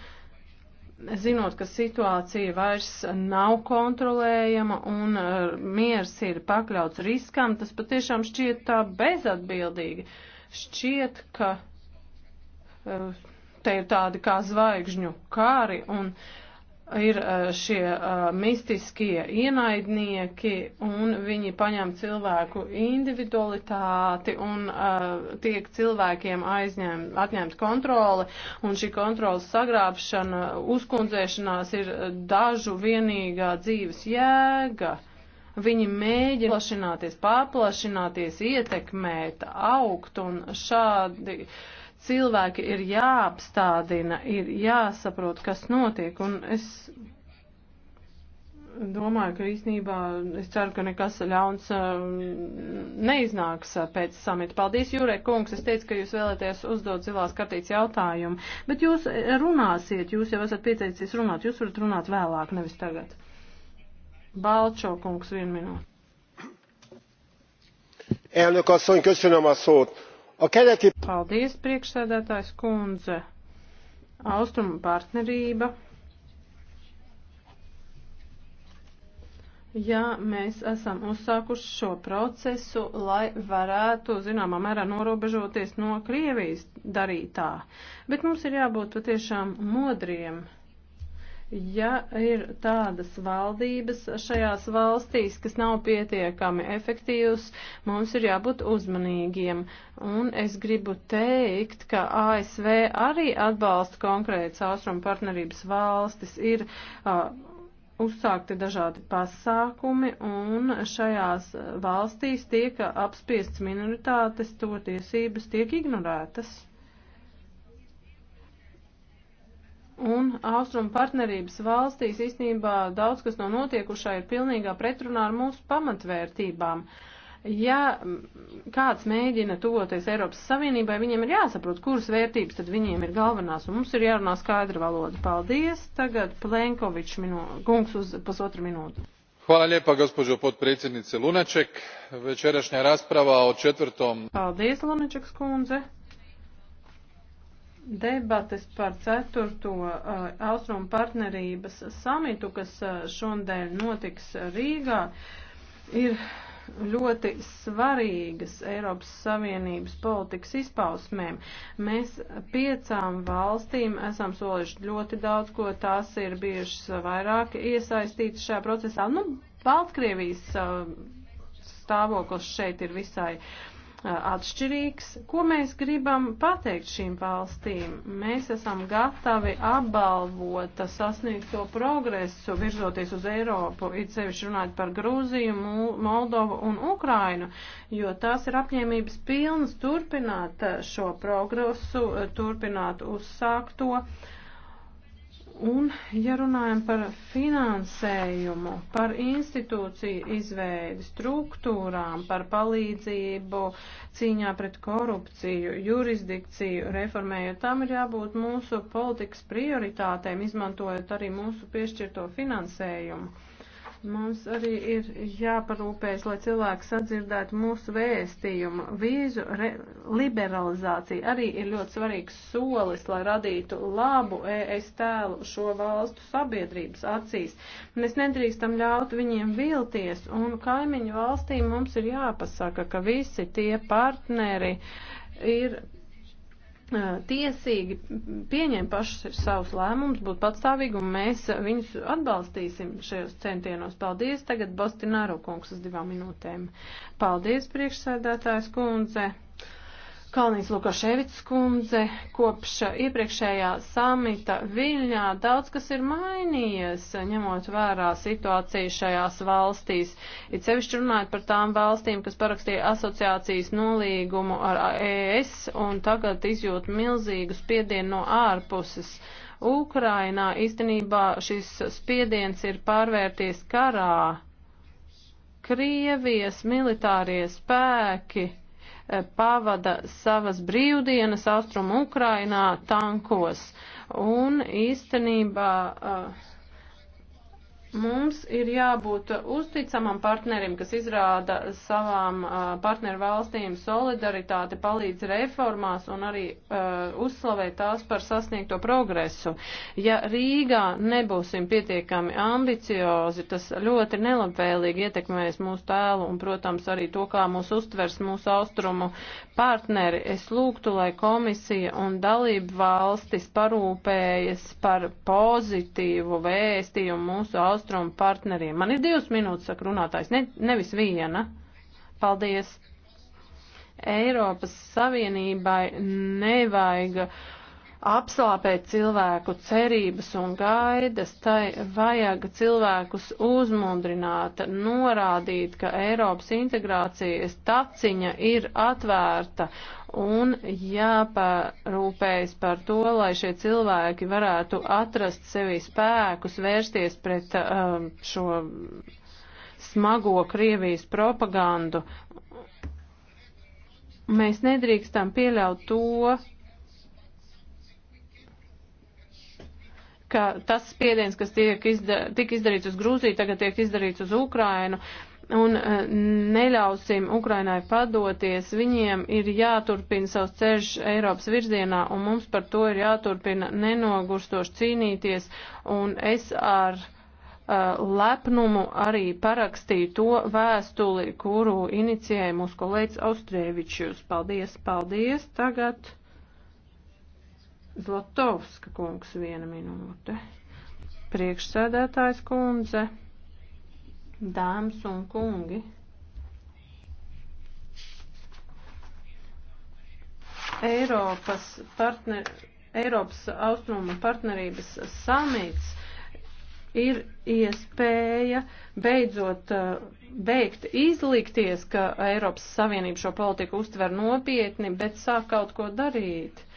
[SPEAKER 1] zinot, ka situācija vairs nav kontrolējama un miers ir pakļauts riskam, tas patiešām šķiet tā bezatbildīgi. Šķiet, ka. Uh, Te ir tādi kā zvaigžņu kāri un ir e, šie uh, mistiskie ienaidnieki un viņi paņem cilvēku individualitāti un uh, tiek cilvēkiem aizņem, atņemts kontroli un šī kontrolas sagrābšana, uzkundzēšanās ir dažu vienīgā dzīves jēga. Viņi mēģina plašināties, pārplašināties, ietekmēt, augt un šādi. Uh, cilvēki ir jāapstādina, ir jāsaprot, kas notiek, un es domāju, ka īsnībā es ceru, ka nekas ļauns um, neiznāks uh, pēc samita. Paldies, Jūrek kungs, es teicu, ka jūs vēlaties uzdot zilās kartītes jautājumu, bet jūs runāsiet, jūs jau esat pieteicies runāt, jūs varat runāt vēlāk, nevis tagad. Balčo kungs, vienu minūti.
[SPEAKER 4] Elnök asszony, köszönöm a szót
[SPEAKER 1] A keleti... Paldies, priekšsēdētājs kundze. Austrumu partnerība. Ja mēs esam uzsākuši šo procesu, lai varētu, zināmā mērā, norobežoties no Krievijas darītā, bet mums ir jābūt patiešām modriem. Ja ir tādas valdības šajās valstīs, kas nav pietiekami efektīvas, mums ir jābūt uzmanīgiem. Un es gribu teikt, ka ASV arī atbalsta konkrētas austrumu partnerības valstis. Ir uh, uzsākti dažādi pasākumi, un šajās valstīs tiek apspiestas minoritātes, to tiesības tiek ignorētas. Un austrumu partnerības valstīs īstenībā daudz kas no notiekušā ir pilnīgā pretrunā ar mūsu pamatvērtībām. Ja kāds mēģina tuvoties Eiropas Savienībai, viņiem ir jāsaprot, kuras vērtības tad viņiem ir galvenās, un mums ir jārunā skaidra valoda. Paldies! Tagad Plenkovičs kungs uz pusotru minūtu.
[SPEAKER 4] Hvala lijepa gospođo potpredsjednice Lunaček. Večerašnja rasprava o četvrtom...
[SPEAKER 1] Paldies, Lunaček skundze debates par ceturto uh, austrumu partnerības samitu, kas uh, šodien notiks Rīgā, ir ļoti svarīgas Eiropas Savienības politikas izpausmēm. Mēs piecām valstīm esam solījuši ļoti daudz, ko tās ir bijušas vairāk iesaistītas šajā procesā. Nu, Baltkrievijas uh, stāvoklis šeit ir visai uh, atšķirīgs. Ko mēs gribam pateikt šīm valstīm? Mēs esam gatavi apbalvot sasniegto progresu, virzoties uz Eiropu, it sevišķi runāt par Grūziju, Moldovu un Ukrainu, jo tās ir apņēmības pilnas turpināt šo progresu, turpināt uzsākt to Un, ja runājam par finansējumu, par institūciju izveidi, struktūrām, par palīdzību cīņā pret korupciju, jurisdikciju reformējot, tam ir jābūt mūsu politikas prioritātēm, izmantojot arī mūsu piešķirto finansējumu. Mums arī ir jāparūpējas, lai cilvēki sadzirdētu mūsu vēstījumu. Vīzu liberalizācija arī ir ļoti svarīgs solis, lai radītu labu ES tēlu šo valstu sabiedrības acīs. Mēs nedrīkstam ļaut viņiem vilties, un kaimiņu valstīm mums ir jāpasaka, ka visi tie partneri ir tiesīgi pieņem pašus savus lēmumus, būt patstāvīgi, un mēs viņus atbalstīsim šajos centienos. Paldies, tagad Bostināro kungs uz divām minūtēm. Paldies, priekšsēdētājs kundze. Kalnīs Lukaševits kundze kopš iepriekšējā samita Viļņā daudz kas ir mainījies, ņemot vērā situāciju šajās valstīs. It sevišķi runājot par tām valstīm, kas parakstīja asociācijas nolīgumu ar ES un tagad izjūt milzīgu spiedienu no ārpuses. Ukrainā īstenībā šis spiediens ir pārvērties karā. Krievijas militārie spēki Eh, pavada savas brīvdienas austrumu Ukrainā tankos. Un īstenībā. Uh, Mums ir jābūt uzticamam partnerim, kas izrāda savām partneru valstīm solidaritāti, palīdz reformās un arī uh, uzslavē tās par sasniegto progresu. Ja Rīgā nebūsim pietiekami ambiciozi, tas ļoti nelabvēlīgi ietekmēs mūsu tēlu un, protams, arī to, kā mūs uztvers mūsu austrumu partneri. Es lūgtu, lai komisija un dalību valstis parūpējas par pozitīvu vēstījumu mūsu austrumu austrumu partneriem. Man ir divas minūtes, saka runātājs, ne, nevis viena. Paldies. Eiropas Savienībai nevajag apslāpēt cilvēku cerības un gaidas, tai vajag cilvēkus uzmundrināt, norādīt, ka Eiropas integrācijas taciņa ir atvērta un jāparūpējas par to, lai šie cilvēki varētu atrast sevī spēkus vērsties pret um, šo smago Krievijas propagandu. Mēs nedrīkstam pieļaut to, ka tas spiediens, kas tiek izda, tika izdarīts uz Grūziju, tagad tiek izdarīts uz Ukrainu. Uh, un e, neļausim Ukrainai padoties. Viņiem ir jāturpina savs ceļš Eiropas virzienā, un mums par to ir jāturpina nenogurstoši cīnīties. Un es ar uh, lepnumu arī parakstīju to vēstuli, kuru inicijēja mūsu kolēģis Austrēvičus. Paldies, paldies. Tagad Zlotovska kungs viena minūte. Priekšsēdētājs kundze dāmas un kungi. Eiropas, partner, Eiropas austrumu partnerības samīts ir iespēja beidzot eh, beigt izlikties, ka Eiropas Savienība šo politiku uztver nopietni, bet sāk kaut ko darīt. Uh,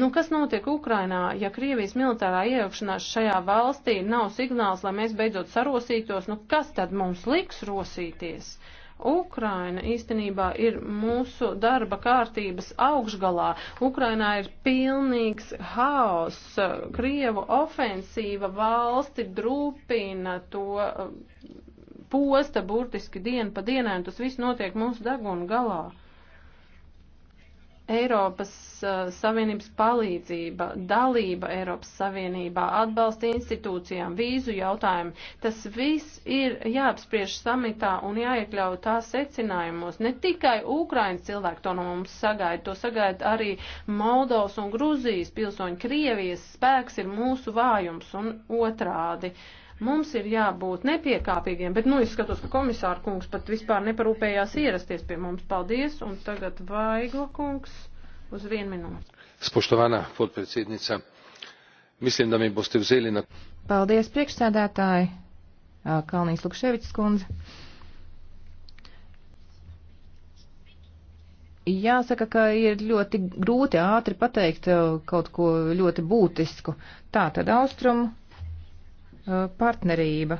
[SPEAKER 1] Nu, kas notiek Ukrainā, ja Krievijas militārā iejaukšanās šajā valstī nav signāls, lai mēs beidzot sarosītos, nu kas tad mums liks rosīties? Ukraina īstenībā ir mūsu darba kārtības augšgalā. Ukrainā ir pilnīgs haoss. Krievu ofensīva valsti drūpina to uh, posta burtiski dienu pa dienai, un tas viss notiek mūsu deguna galā. Eiropas uh, Savienības palīdzība, dalība Eiropas Savienībā, atbalsta institūcijām, vīzu jautājumi, tas viss ir jāapspriež samitā un jāiekļauj tā secinājumos. Ne tikai Ukrainas cilvēki to no mums sagaida, to sagaida arī Moldovas un Gruzijas pilsoņi. Krievijas spēks ir mūsu vājums un otrādi. Uh, Mums ir jābūt nepiekāpīgiem, bet, nu, es skatos, ka komisāra kungs pat vispār neparūpējās ierasties pie mums. Paldies, un tagad Vaigla
[SPEAKER 2] kungs uz vienu minūti.
[SPEAKER 4] Spoštovana podpredsednica, mislim, da mi boste vzeli na.
[SPEAKER 2] Paldies, priekšsēdētāji, Kalnijas Lukševičs kundze. Jāsaka, ka ir ļoti grūti ātri pateikt kaut ko ļoti būtisku. Tā tad austrumu Uh, partnerība.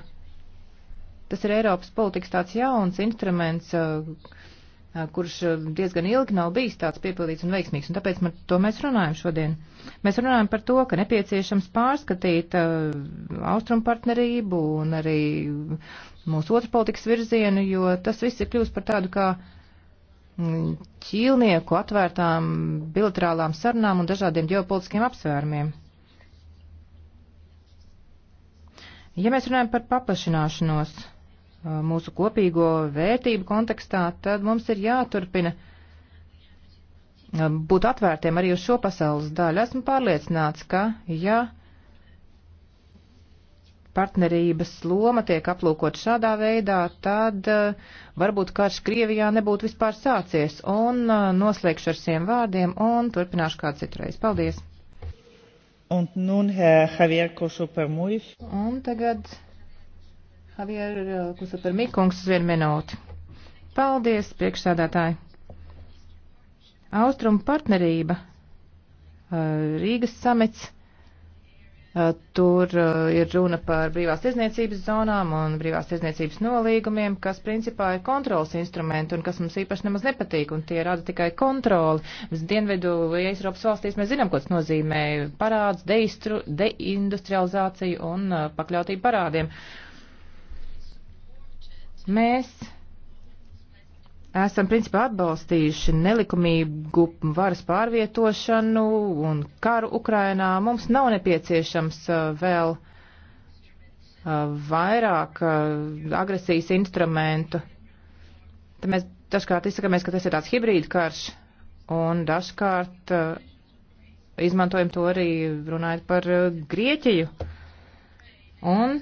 [SPEAKER 2] Tas ir Eiropas politikas tāds jauns instruments, uh, uh, kurš diezgan ilgi nav bijis tāds piepildīts un veiksmīgs, un tāpēc par to mēs runājam šodien. Mēs runājam par to, ka nepieciešams pārskatīt austrumu partnerību un arī mūsu otru politikas virzienu, jo tas viss ir kļūst par tādu kā mm, ķīlnieku atvērtām bilaterālām sarunām un dažādiem ģeopolitiskiem apsvērumiem. Ja mēs runājam par paplašināšanos uh, mūsu kopīgo vērtību kontekstā, tad mums ir jāturpina uh, būt atvērtiem arī uz šo pasaules daļu. Esmu pārliecināts, ka ja partnerības loma tiek aplūkot šādā veidā, tad uh, varbūt karš Krievijā nebūtu vispār sācies. Un noslēgšu ar šiem vārdiem un turpināšu kādu citreiz. Paldies! Un, nun, Javier Kusupermuif. Un tagad Javier Kusupermikungs uh, uz vienu minūti. Paldies, priekšsādātāji. Austrum partnerība, uh, Rīgas samits Eh, tur eh, ir runa par brīvās tirzniecības zonām un brīvās tirzniecības nolīgumiem, kas principā ir kontrols instrumenti un kas mums īpaši nemaz nepatīk, un tie rada tikai kontroli. Uz dienvedu Eiropas valstīs mēs zinām, ko tas nozīmē - parāds, deistru, deindustrializāciju un eh, pakļautību parādiem. Mēs esam principā atbalstījuši nelikumīgu varas pārvietošanu un karu Ukrainā. Mums nav nepieciešams uh, vēl uh, vairāk uh, agresijas instrumentu. Tad mēs dažkārt izsakamies, ka tas ir tāds hibrīda karš, un dažkārt izmantojam to arī runājot par Grieķiju. Un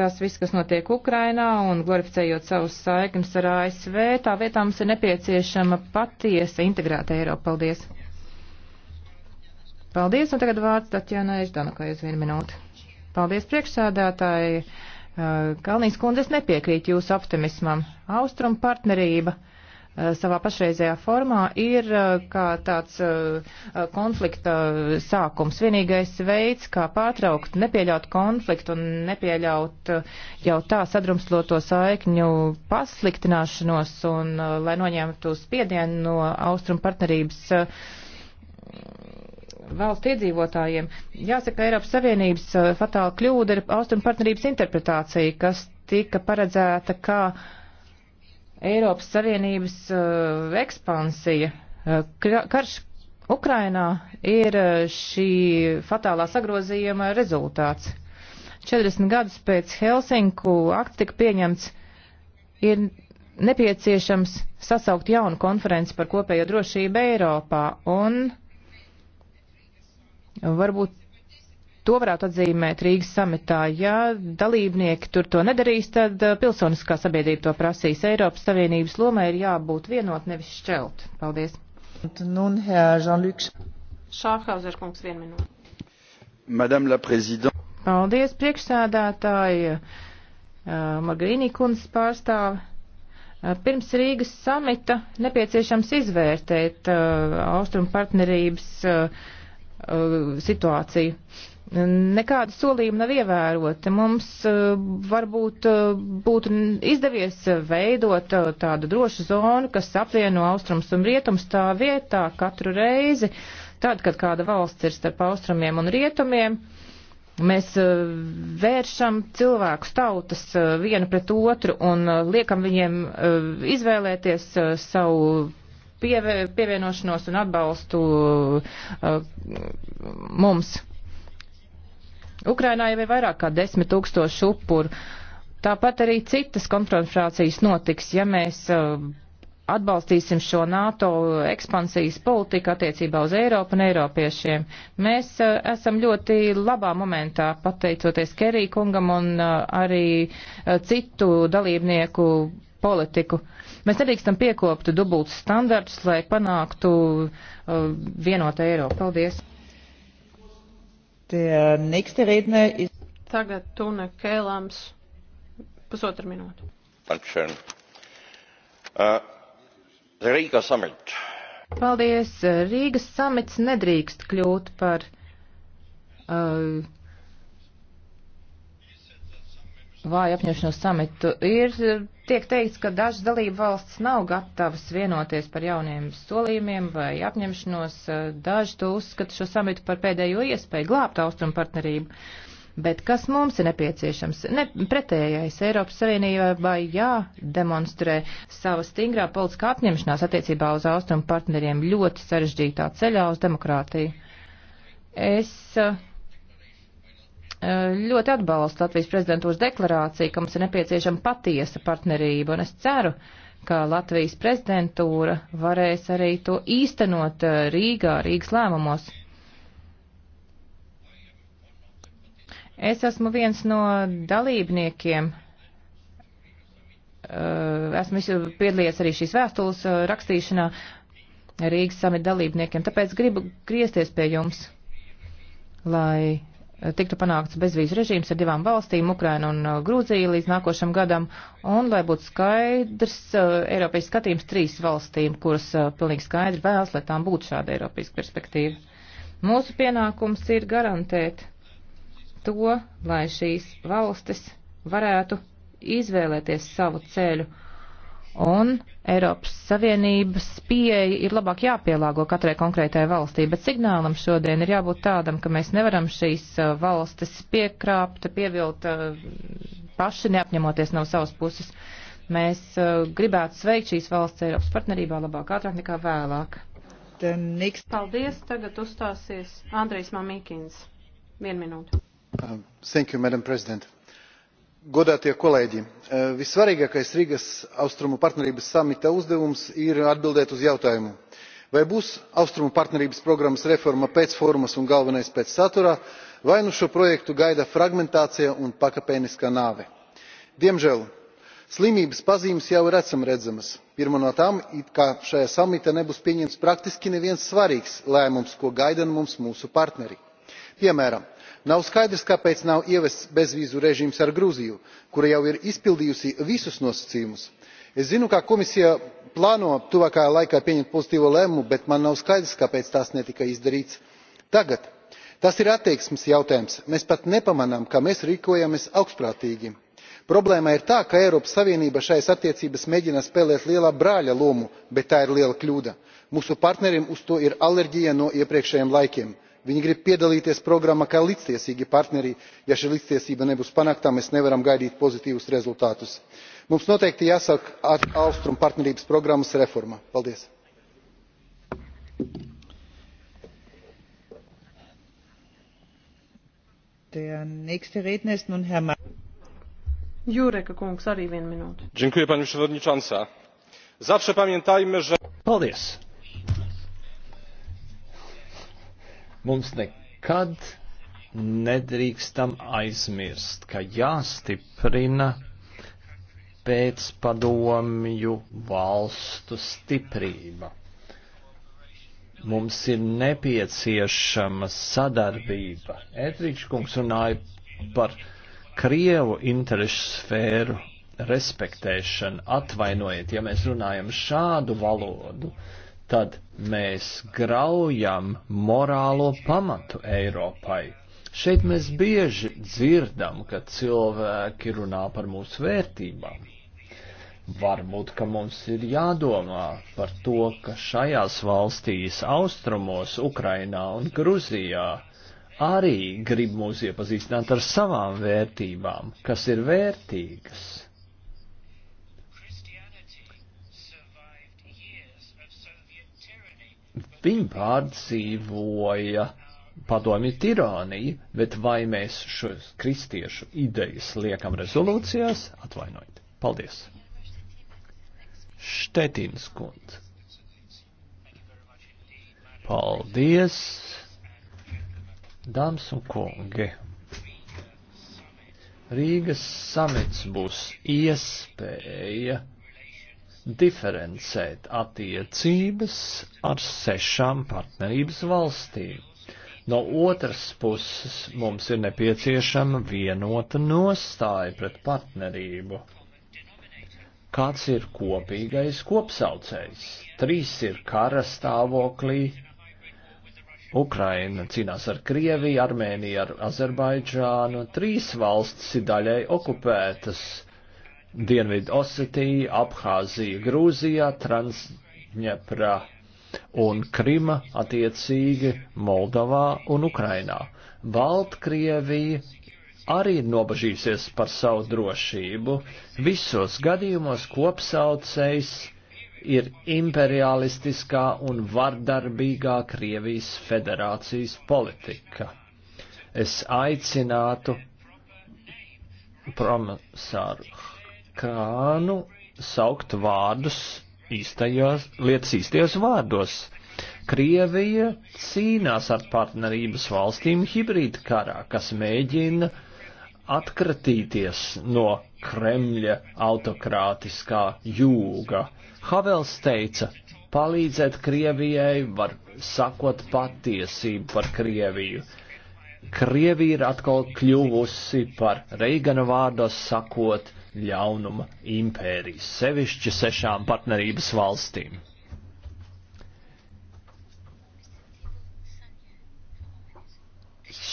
[SPEAKER 2] tas viss, kas notiek Ukrainā un glorificējot savus saiknes ar ASV, tā vietā mums ir nepieciešama patiesa integrēta Eiropa. Paldies! Paldies, un tagad vārds Tatjana Eždanakai uz vienu minūti. Paldies priekšsādātāji. Kalnīs kundze, es nepiekrītu jūsu optimismam. Austrum partnerība Eh, savā pašreizējā formā ir eh, kā tāds eh, konflikta sākums. Vienīgais veids, kā pārtraukt, nepieļaut konfliktu un nepieļaut jau tā sadrumstloto saikņu pasliktināšanos un lai noņemtu spiedienu no austrumu partnerības valstu iedzīvotājiem. Jāsaka, Eiropas Savienības fatāla kļūda ir austrumu partnerības interpretācija, kas tika paredzēta kā uh, Eiropas Savienības uh, ekspansija. Uh, karš Ukrainā ir uh, šī fatālā sagrozījuma rezultāts. 40 gadus pēc Helsinku akts tika pieņemts, ir nepieciešams sasaukt jaunu konferenci par kopējo drošību Eiropā, un varbūt to varētu atzīmēt Rīgas samitā. Ja dalībnieki tur to nedarīs, tad uh, pilsoniskā sabiedrība to prasīs. Eiropas Savienības lomai ir jābūt vienot, nevis šķelt. Paldies. Nun, Jean-Luc.
[SPEAKER 1] Šāfhauser kungs, vienu minūti.
[SPEAKER 3] Madame la Présidente.
[SPEAKER 2] Paldies, priekšsēdētāji. Uh, Margarīnī kundzes pārstāve. Uh, pirms Rīgas samita nepieciešams izvērtēt uh, austrumu partnerības uh, situāciju. Nekāda solījuma nav ievērota. Mums eh, varbūt eh, būtu izdevies veidot eh, tādu drošu zonu, kas apvieno austrums un rietums tā vietā katru reizi, tad, kad kāda valsts ir starp austrumiem un rietumiem. Mēs vēršam cilvēkus tautas vienu pret otru un liekam viņiem izvēlēties savu pievienošanos un atbalstu mums. Ukrainā jau ir vairāk kā desmit tūkstoši upuru. Tāpat arī citas konfrontācijas notiks, ja mēs uh, atbalstīsim šo NATO ekspansijas politiku attiecībā uz Eiropu un Eiropiešiem. Mēs uh, esam ļoti labā momentā, pateicoties Kerī kungam un uh, arī citu dalībnieku politiku. Mēs nedrīkstam piekopt dubultus standartus, lai panāktu vienotu Eiropu. Paldies! Der nächste Redner ist. Tagad Tune Kēlāms, pusotra minūte.
[SPEAKER 3] Dankeschön. Uh, äh, Rīga samits.
[SPEAKER 2] Paldies. Rīgas samits nedrīkst kļūt par uh, vāju apņemšanos samitu, ir tiek teikts, ka dažas dalība valsts nav gatavas vienoties par jauniem solījumiem vai apņemšanos. Eh, daži to uzskata šo samitu par pēdējo iespēju glābt austrumu partnerību. Bet kas mums ir nepieciešams? Ne, pretējais Eiropas Savienībai jādemonstrē sava stingrā politiskā apņemšanās attiecībā uz austrumu partneriem ļoti sarežģītā ceļā uz demokrātiju. Es uh, Eh, ļoti atbalstu Latvijas prezidentūras deklarāciju, ka mums ir nepieciešama patiesa partnerība, un es ceru, ka Latvijas prezidentūra varēs arī to īstenot eh, Rīgā, Rīgas lēmumos. Es esmu viens no dalībniekiem eh, esmu piedalījies arī šīs vēstules rakstīšanā Rīgas samita dalībniekiem, tāpēc gribu griezties pie jums, lai tiktu panākts bezvīzu režīms ar divām valstīm, Ukraina un uh, Grūzija līdz nākošam gadam, un lai būtu skaidrs uh, Eiropas skatījums trīs valstīm, kuras uh, pilnīgi skaidri vēlas, lai tām būtu šāda Eiropas perspektīva. Mūsu pienākums ir garantēt to, lai šīs valstis varētu izvēlēties savu ceļu un Eiropas Savienības pieeja ir labāk jāpielāgo katrai konkrētai valstī, bet signālam šodien ir jābūt tādam, ka mēs nevaram šīs uh, valstis piekrāpt, pievilt uh, paši neapņemoties no savas puses. Mēs uh, gribētu sveikt šīs valsts Eiropas partnerībā labāk ātrāk nekā vēlāk. Niks.
[SPEAKER 1] Paldies, tagad uzstāsies Andrijs Mamīkins. Vienu minūtu.
[SPEAKER 4] Um, thank you, Madam President godātie kolēģi e, vissvarīgākais rīgas austrumu partnerības samita uzdevums ir atbildēt uz jautājumu vai būs austrumu partnerības programmas reforma pēc formas un galvenais pēc satura vai nu šo projektu gaida fragmentācija un pakāpeniska nāve. diemžēl slimības pazīmes jau ir acīm redzamas. pirma no tām it kā šajā samitā nebūs pieņemts praktiski neviens svarīgs lēmums ko gaida no nu mums mūsu partneri. piemēram nav skaidrs kāpēc nav ievests bezvīzu režīms ar grūziju kura jau ir izpildījusi visus nosacījumus. es zinu ka komisija plāno tuvākajā laikā pieņemt pozitīvu lēmumu bet man nav skaidrs kāpēc tas netika izdarīts tagad. tas ir attieksmes jautājums mēs pat nepamanām ka mēs rīkojamies augstprātīgi. problēma ir tā ka eiropas savienība šajās attiecībās mēģina spēlēt lielā brāļa lomu bet tā ir liela kļūda. mūsu partneriem uz to ir alerģija no iepriekšējiem laikiem viņi grib piedalīties programmā kā līdztiesīgi partneri ja šī līdztiesība nebūs panākta mēs nevaram gaidīt pozitīvus rezultātus. mums noteikti jāsāk austrumu partnerības programmas reforma. paldies!
[SPEAKER 1] Jureka kungs arī vienu minūti.
[SPEAKER 4] Dziękuję pani przewodnicząca. Zawsze pamiętajmy, że. Paldies!
[SPEAKER 3] Mums nekad nedrīkstam aizmirst, ka jāstiprina pēc padomju valstu stiprība. Mums ir nepieciešama sadarbība. Etričkungs runāja par Krievu interešu sfēru respektēšanu. Atvainojiet, ja mēs runājam šādu valodu, uh, tad mēs graujam morālo pamatu Eiropai. Šeit mēs bieži dzirdam, ka cilvēki runā par mūsu vērtībām. Varbūt, ka mums ir jādomā par to, ka šajās valstīs, austrumos, Ukrainā un Gruzijā, arī grib mūs iepazīstināt ar savām vērtībām, kas ir vērtīgas Viņi pārdzīvoja padomju tirāniju, bet vai mēs šos kristiešu idejas liekam rezolūcijās? Atvainojiet. Paldies. Štetins kundze. Paldies, dāmas un kungi. Rīgas samits būs iespēja diferencēt attiecības ar sešām partnerības valstīm. No otras puses mums ir nepieciešama vienota nostāja pret partnerību. Kāds ir kopīgais kopsaucējs? Trīs ir kara stāvoklī. Ukraina cīnās ar Krieviju, Armēniju, ar Azerbaidžānu. Trīs valstis ir daļai okupētas Dienvidu Osetiju, Abhāziju, Grūzijā, Transņeprā un Krima, attiecīgi Moldavā un Ukrainā. Baltkrievija arī ir nobažījusies par savu drošību. Visos gadījumos kopsaucējs ir imperialistiskā un vardarbīgā Krievijas federācijas politika. Es aicinātu promesāru kā nu saukt vārdus īstajos, lietas īstajos vārdos. Krievija cīnās ar partnerības valstīm hibrīda karā, kas mēģina atkratīties no Kremļa autokrātiskā jūga. Havels teica, palīdzēt Krievijai var sakot patiesību par Krieviju. Krievija ir atkal kļuvusi par Reigana vārdos sakot ļaunuma impērijas, sevišķi sešām partnerības valstīm.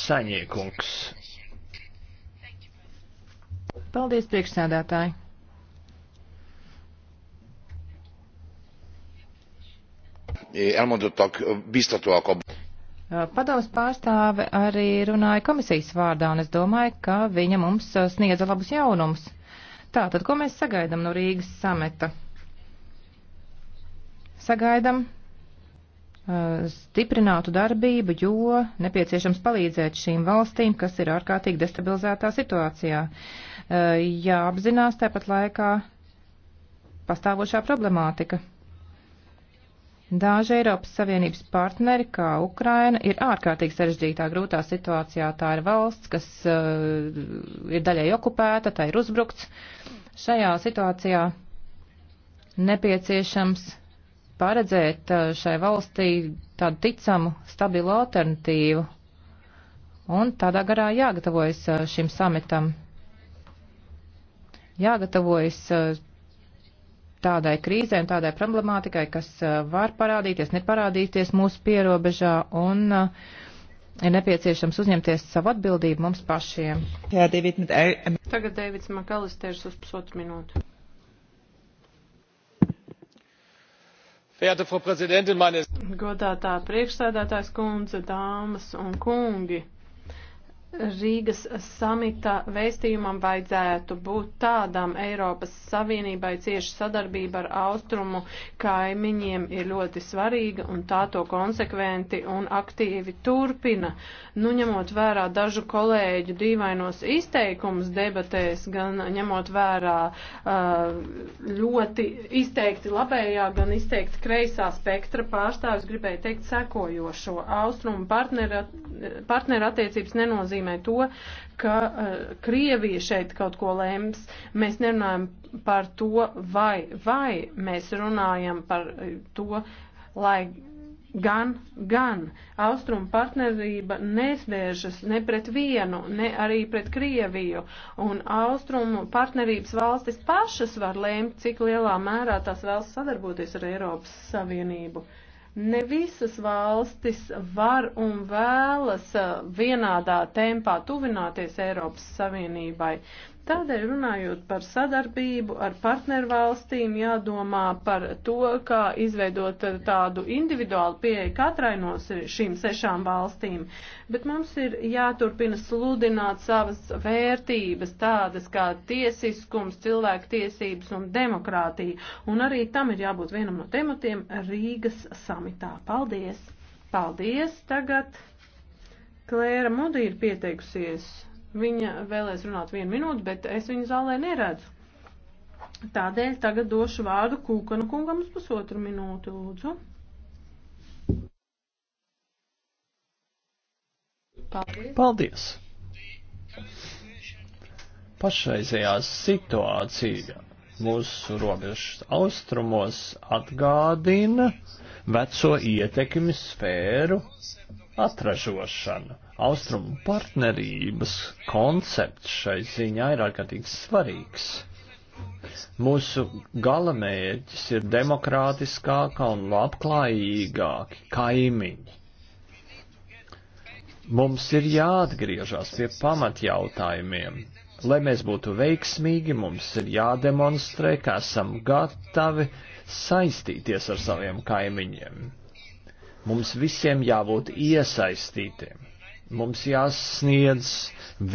[SPEAKER 3] Saņiekungs.
[SPEAKER 2] Paldies, priekšsēdētāji.
[SPEAKER 4] Elmondottak biztatóak abban.
[SPEAKER 2] Padoms pārstāve arī runāja komisijas vārdā, un es domāju, ka viņa mums sniedza labus jaunumus. Tātad, ko mēs sagaidām no Rīgas sameta? Sagaidām uh, stiprinātu darbību, jo nepieciešams palīdzēt šīm valstīm, kas ir ārkārtīgi destabilizētā situācijā. Uh, jāapzinās tāpat laikā pastāvošā problemātika. Daži Eiropas Savienības partneri, kā Ukraina, ir ārkārtīgi sarežģītā, grūtā situācijā. Tā ir valsts, kas uh, ir daļai okupēta, tā ir uzbrukts. Šajā situācijā nepieciešams paredzēt uh, šai valstī tādu ticamu, stabilu alternatīvu. Un tādā garā jāgatavojas uh, šim sametam. Jāgatavojas uh, tādai krīzē un tādai problemātikai, kas eh, var parādīties, neparādīties mūsu pierobežā un eh, ir nepieciešams uzņemties savu atbildību mums pašiem. Jā, David, nu,
[SPEAKER 1] Tagad Deivids Makalistērs uz pusotru
[SPEAKER 3] minūtu. Verehrte Frau Präsidentin, meine
[SPEAKER 1] Godātā priekšsēdētājs kundze, dāmas un kungi! Rīgas samita vēstījumam vajadzētu būt tādam Eiropas Savienībai cieši sadarbība ar austrumu kaimiņiem ir ļoti svarīga un tā to konsekventi un aktīvi turpina. Nu, ņemot vērā dažu kolēģu dīvainos izteikumus debatēs, gan ņemot vērā uh, ļoti izteikti labējā, gan izteikti kreisā spektra pārstāvis, gribēju teikt sekojošo. Austrumu partnera, partnera attiecības nenozīmē nenozīmē to, ka uh, Krievija šeit kaut ko lems. Mēs nerunājam par to, vai, vai mēs runājam par eh, to, lai gan, gan austrumu partnerība nesvēršas ne pret vienu, ne arī pret Krieviju, un austrumu partnerības valstis pašas var lēmt, cik lielā mērā tās vēlas sadarboties ar Eiropas Savienību. Uh, Ne visas valstis var un vēlas uh, vienādā tempā tuvināties Eiropas Savienībai. Tādēļ runājot par sadarbību ar partnervalstīm, jādomā par to, kā izveidot tādu individuālu pieeju katrai no šīm sešām valstīm, bet mums ir jāturpina sludināt savas vērtības, tādas kā tiesiskums, cilvēktiesības un demokrātija, un arī tam ir jābūt vienam no tematiem Rīgas samitā. Paldies! Paldies! Tagad Klēra Mudi ir pieteikusies. Viņa vēlēs runāt vienu minūti, bet es viņu zālē neredzu. Tādēļ tagad došu vārdu Kūkanu kungam uz pusotru minūti, lūdzu. Paldies. Paldies.
[SPEAKER 3] Pašreizējā situācija mūsu robežas austrumos atgādina veco ietekmi sfēru atražošanu. Austrumu partnerības koncepts šai ziņā ir ārkārtīgi svarīgs. Mūsu galamērķis ir demokrātiskāka un labklājīgāki kaimiņi. Mums ir jāatgriežas pie pamatjautājumiem. Lai mēs būtu veiksmīgi, mums ir jādemonstrē, ka esam gatavi saistīties ar saviem kaimiņiem. Mums visiem jābūt iesaistītiem. Mums jāsniedz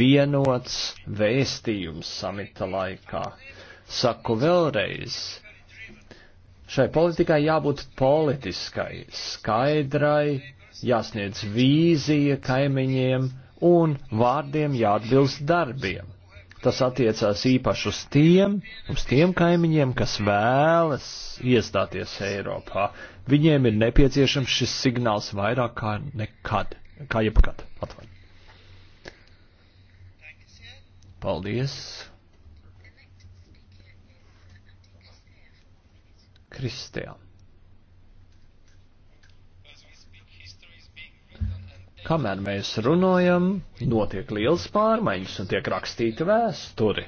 [SPEAKER 3] vienots vēstījums samita laikā. Saku vēlreiz, šai politikai jābūt politiskai, skaidrai, jāsniedz vīzija kaimiņiem un vārdiem jāatbilst darbiem. Tas attiecās īpaši uz tiem, uz tiem kaimiņiem, kas vēlas iestāties Eiropā. Viņiem ir nepieciešams šis signāls vairāk kā nekad, kā jebkad. Atvain. Paldies. Kristēna. Kamēr mēs runājam, notiek liels pārmaiņas un tiek rakstīta vēsturi.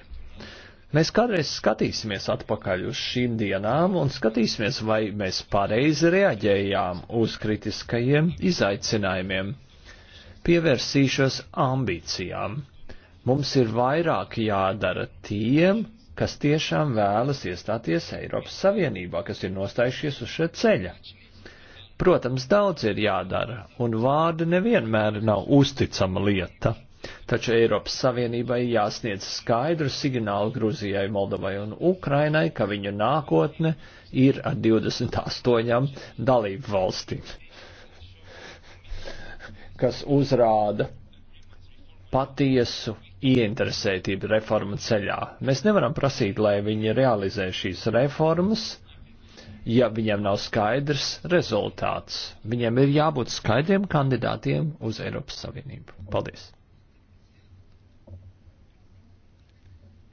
[SPEAKER 3] Mēs kādreiz skatīsimies atpakaļ uz šīm dienām un skatīsimies, vai mēs pareizi reaģējām uz kritiskajiem izaicinājumiem. Pievērsīšos ambīcijām. Mums ir vairāk jādara tiem, kas tiešām vēlas iestāties Eiropas Savienībā, kas ir nostājušies uz šie ceļa. Protams, daudz ir jādara, un vārdi nevienmēr nav uzticama lieta. Taču Eiropas Savienībai jāsniedz skaidru signālu Gruzijai, Moldovai un Ukrainai, ka viņu nākotne ir ar 28 dalību valstīm, kas uzrāda patiesu ieinteresētību reformu ceļā. Mēs nevaram prasīt, lai viņi realizē šīs reformas ja viņiem nav skaidrs rezultāts. Viņiem ir jābūt skaidriem kandidātiem uz Eiropas Savienību. Paldies!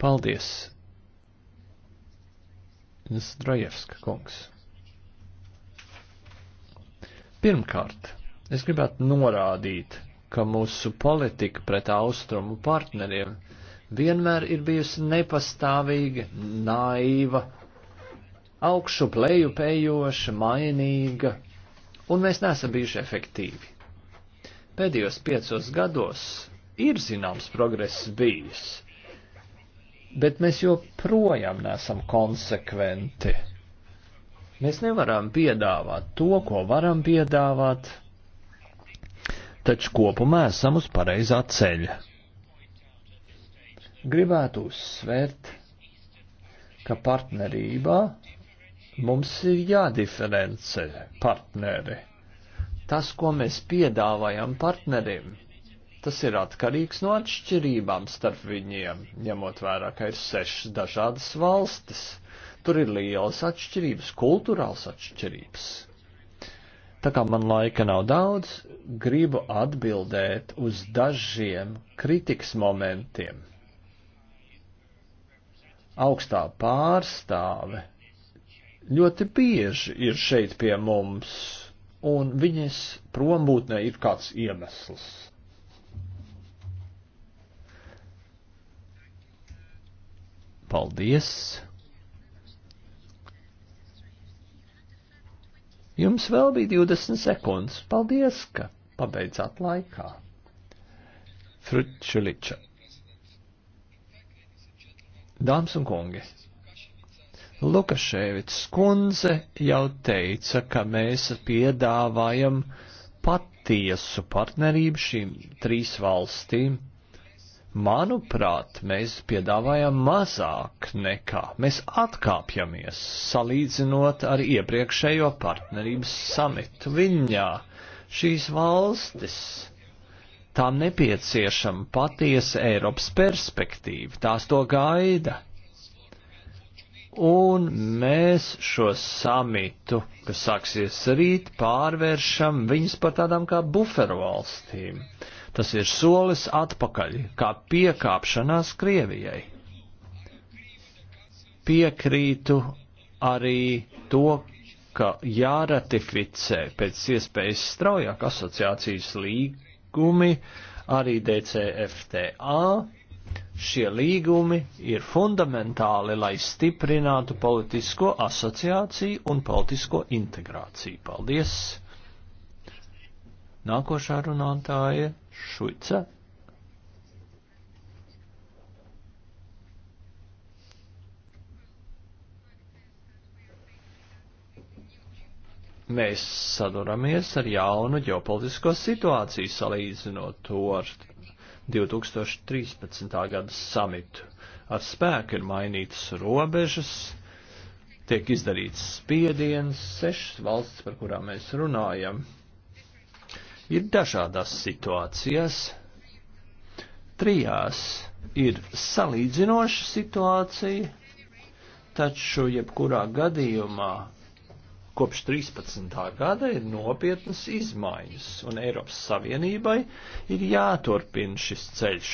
[SPEAKER 3] Paldies! Zdrojevska kungs. Pirmkārt, es gribētu norādīt, ka mūsu politika pret austrumu partneriem vienmēr ir bijusi nepastāvīga, naiva augšu pleju pējoša, mainīga, un mēs nesam bijuši efektīvi. Pēdējos piecos gados ir zināms progress bijis, bet mēs joprojām nesam konsekventi. Mēs nevaram piedāvāt to, ko varam piedāvāt, taču kopumā esam uz pareizā ceļa. Gribētu uzsvērt, ka partnerībā Mums ir jādiferencē partneri. Tas, ko mēs piedāvājam partnerim, tas ir atkarīgs no atšķirībām starp viņiem, ņemot vērā, ka ir sešas dažādas valstis. Tur ir lielas atšķirības, kultūrāls atšķirības. Tā kā man laika nav daudz, gribu atbildēt uz dažiem kritikas momentiem. Augstā pārstāve ļoti bieži ir šeit pie mums, un viņas prombūtnē ir kāds iemesls. Paldies! Jums vēl bija 20 sekundes. Paldies, ka pabeidzāt laikā. Frutčuliča. Dāmas un kungi! Lukaševits kundze jau teica, ka mēs piedāvājam patiesu partnerību šīm trīs valstīm. Manuprāt, mēs piedāvājam mazāk nekā mēs atkāpjamies, salīdzinot ar iepriekšējo partnerības samitu Viņā. Šīs valstis tām nepieciešama patiesa Eiropas perspektīva, tās to gaida. Un mēs šo samitu, kas sāksies rīt, pārvēršam viņus par tādām kā buferu valstīm. Tas ir solis atpakaļ, kā piekāpšanās Krievijai. Piekrītu arī to, ka jāratificē pēc iespējas straujāk asociācijas līgumi, arī DCFTA, Šie līgumi ir fundamentāli, lai stiprinātu politisko asociāciju un politisko integrāciju. Paldies! Nākošā runātāja Šuica. Mēs saduramies ar jaunu ģeopolitisko situāciju, salīdzinot to ar 2013. gada samitu. Ar spēku ir mainītas robežas, tiek izdarīts spiediens, sešas valsts, par kurām mēs runājam, ir dažādās situācijās. Trijās ir salīdzinoša situācija, taču jebkurā gadījumā kopš 13. gada ir nopietnas izmaiņas, un Eiropas Savienībai ir jāturpina šis ceļš.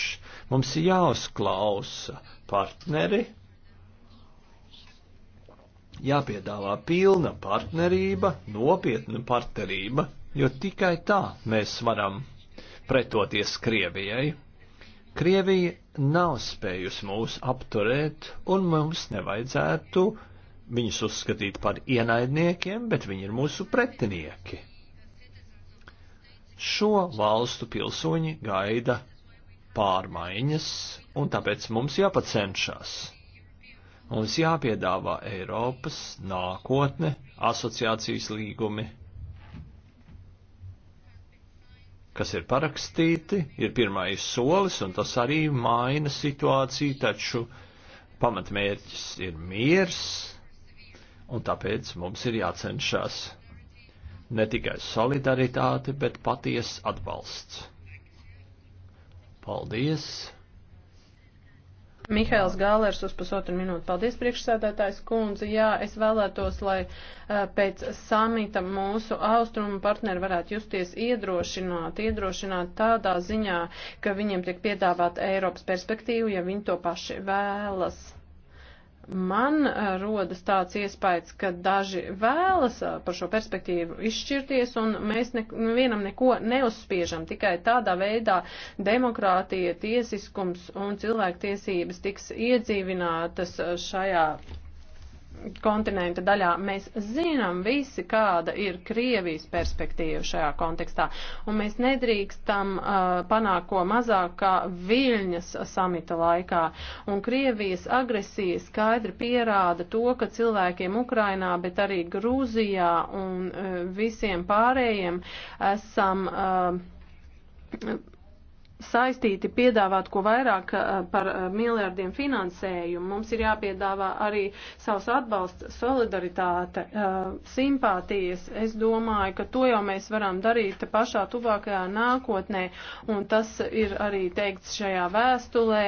[SPEAKER 3] Mums ir jāuzklausa partneri, jāpiedāvā pilna partnerība, nopietna partnerība, jo tikai tā mēs varam pretoties Krievijai. Krievija nav spējusi mūs apturēt, un mums nevajadzētu viņus uzskatīt par ienaidniekiem, bet viņi ir mūsu pretinieki. Šo valstu pilsoņi gaida pārmaiņas, un tāpēc mums jāpacenšas. Mums jāpiedāvā Eiropas nākotne, asociācijas līgumi, kas ir parakstīti, ir pirmais solis, un tas arī maina situāciju, taču pamatmērķis ir miers, Un tāpēc mums ir jācenšas ne tikai solidaritāte, bet paties atbalsts. Paldies!
[SPEAKER 1] Mihails Gālērs uz pusotru minūtu. Paldies, priekšsēdētājs kundze. Jā, es vēlētos, lai eh, pēc samita mūsu austrumu partneri varētu justies iedrošināt, iedrošināt tādā ziņā, ka viņiem tiek piedāvāt Eiropas perspektīvu, ja viņi to paši vēlas man eh, rodas tāds iespējas, ka daži vēlas eh, par šo perspektīvu izšķirties, un mēs ne, vienam neko neuzspiežam. Tikai tādā veidā demokrātija, tiesiskums un cilvēktiesības tiks iedzīvinātas eh, šajā kontinenta daļā. Mēs zinām visi, kāda ir Krievijas perspektīva šajā kontekstā, un mēs nedrīkstam uh, panākt ko mazāk kā Viļņas samita laikā. Un Krievijas agresija skaidri pierāda to, ka cilvēkiem Ukrainā, bet arī Grūzijā un uh, visiem pārējiem esam. Uh, saistīti piedāvāt ko vairāk eh, par eh, miljardiem finansējumu. Mums ir jāpiedāvā arī savs atbalsts, solidaritāte, eh, simpātijas. Es domāju, ka to jau mēs varam darīt pašā tuvākajā nākotnē, un tas ir arī teikts šajā vēstulē,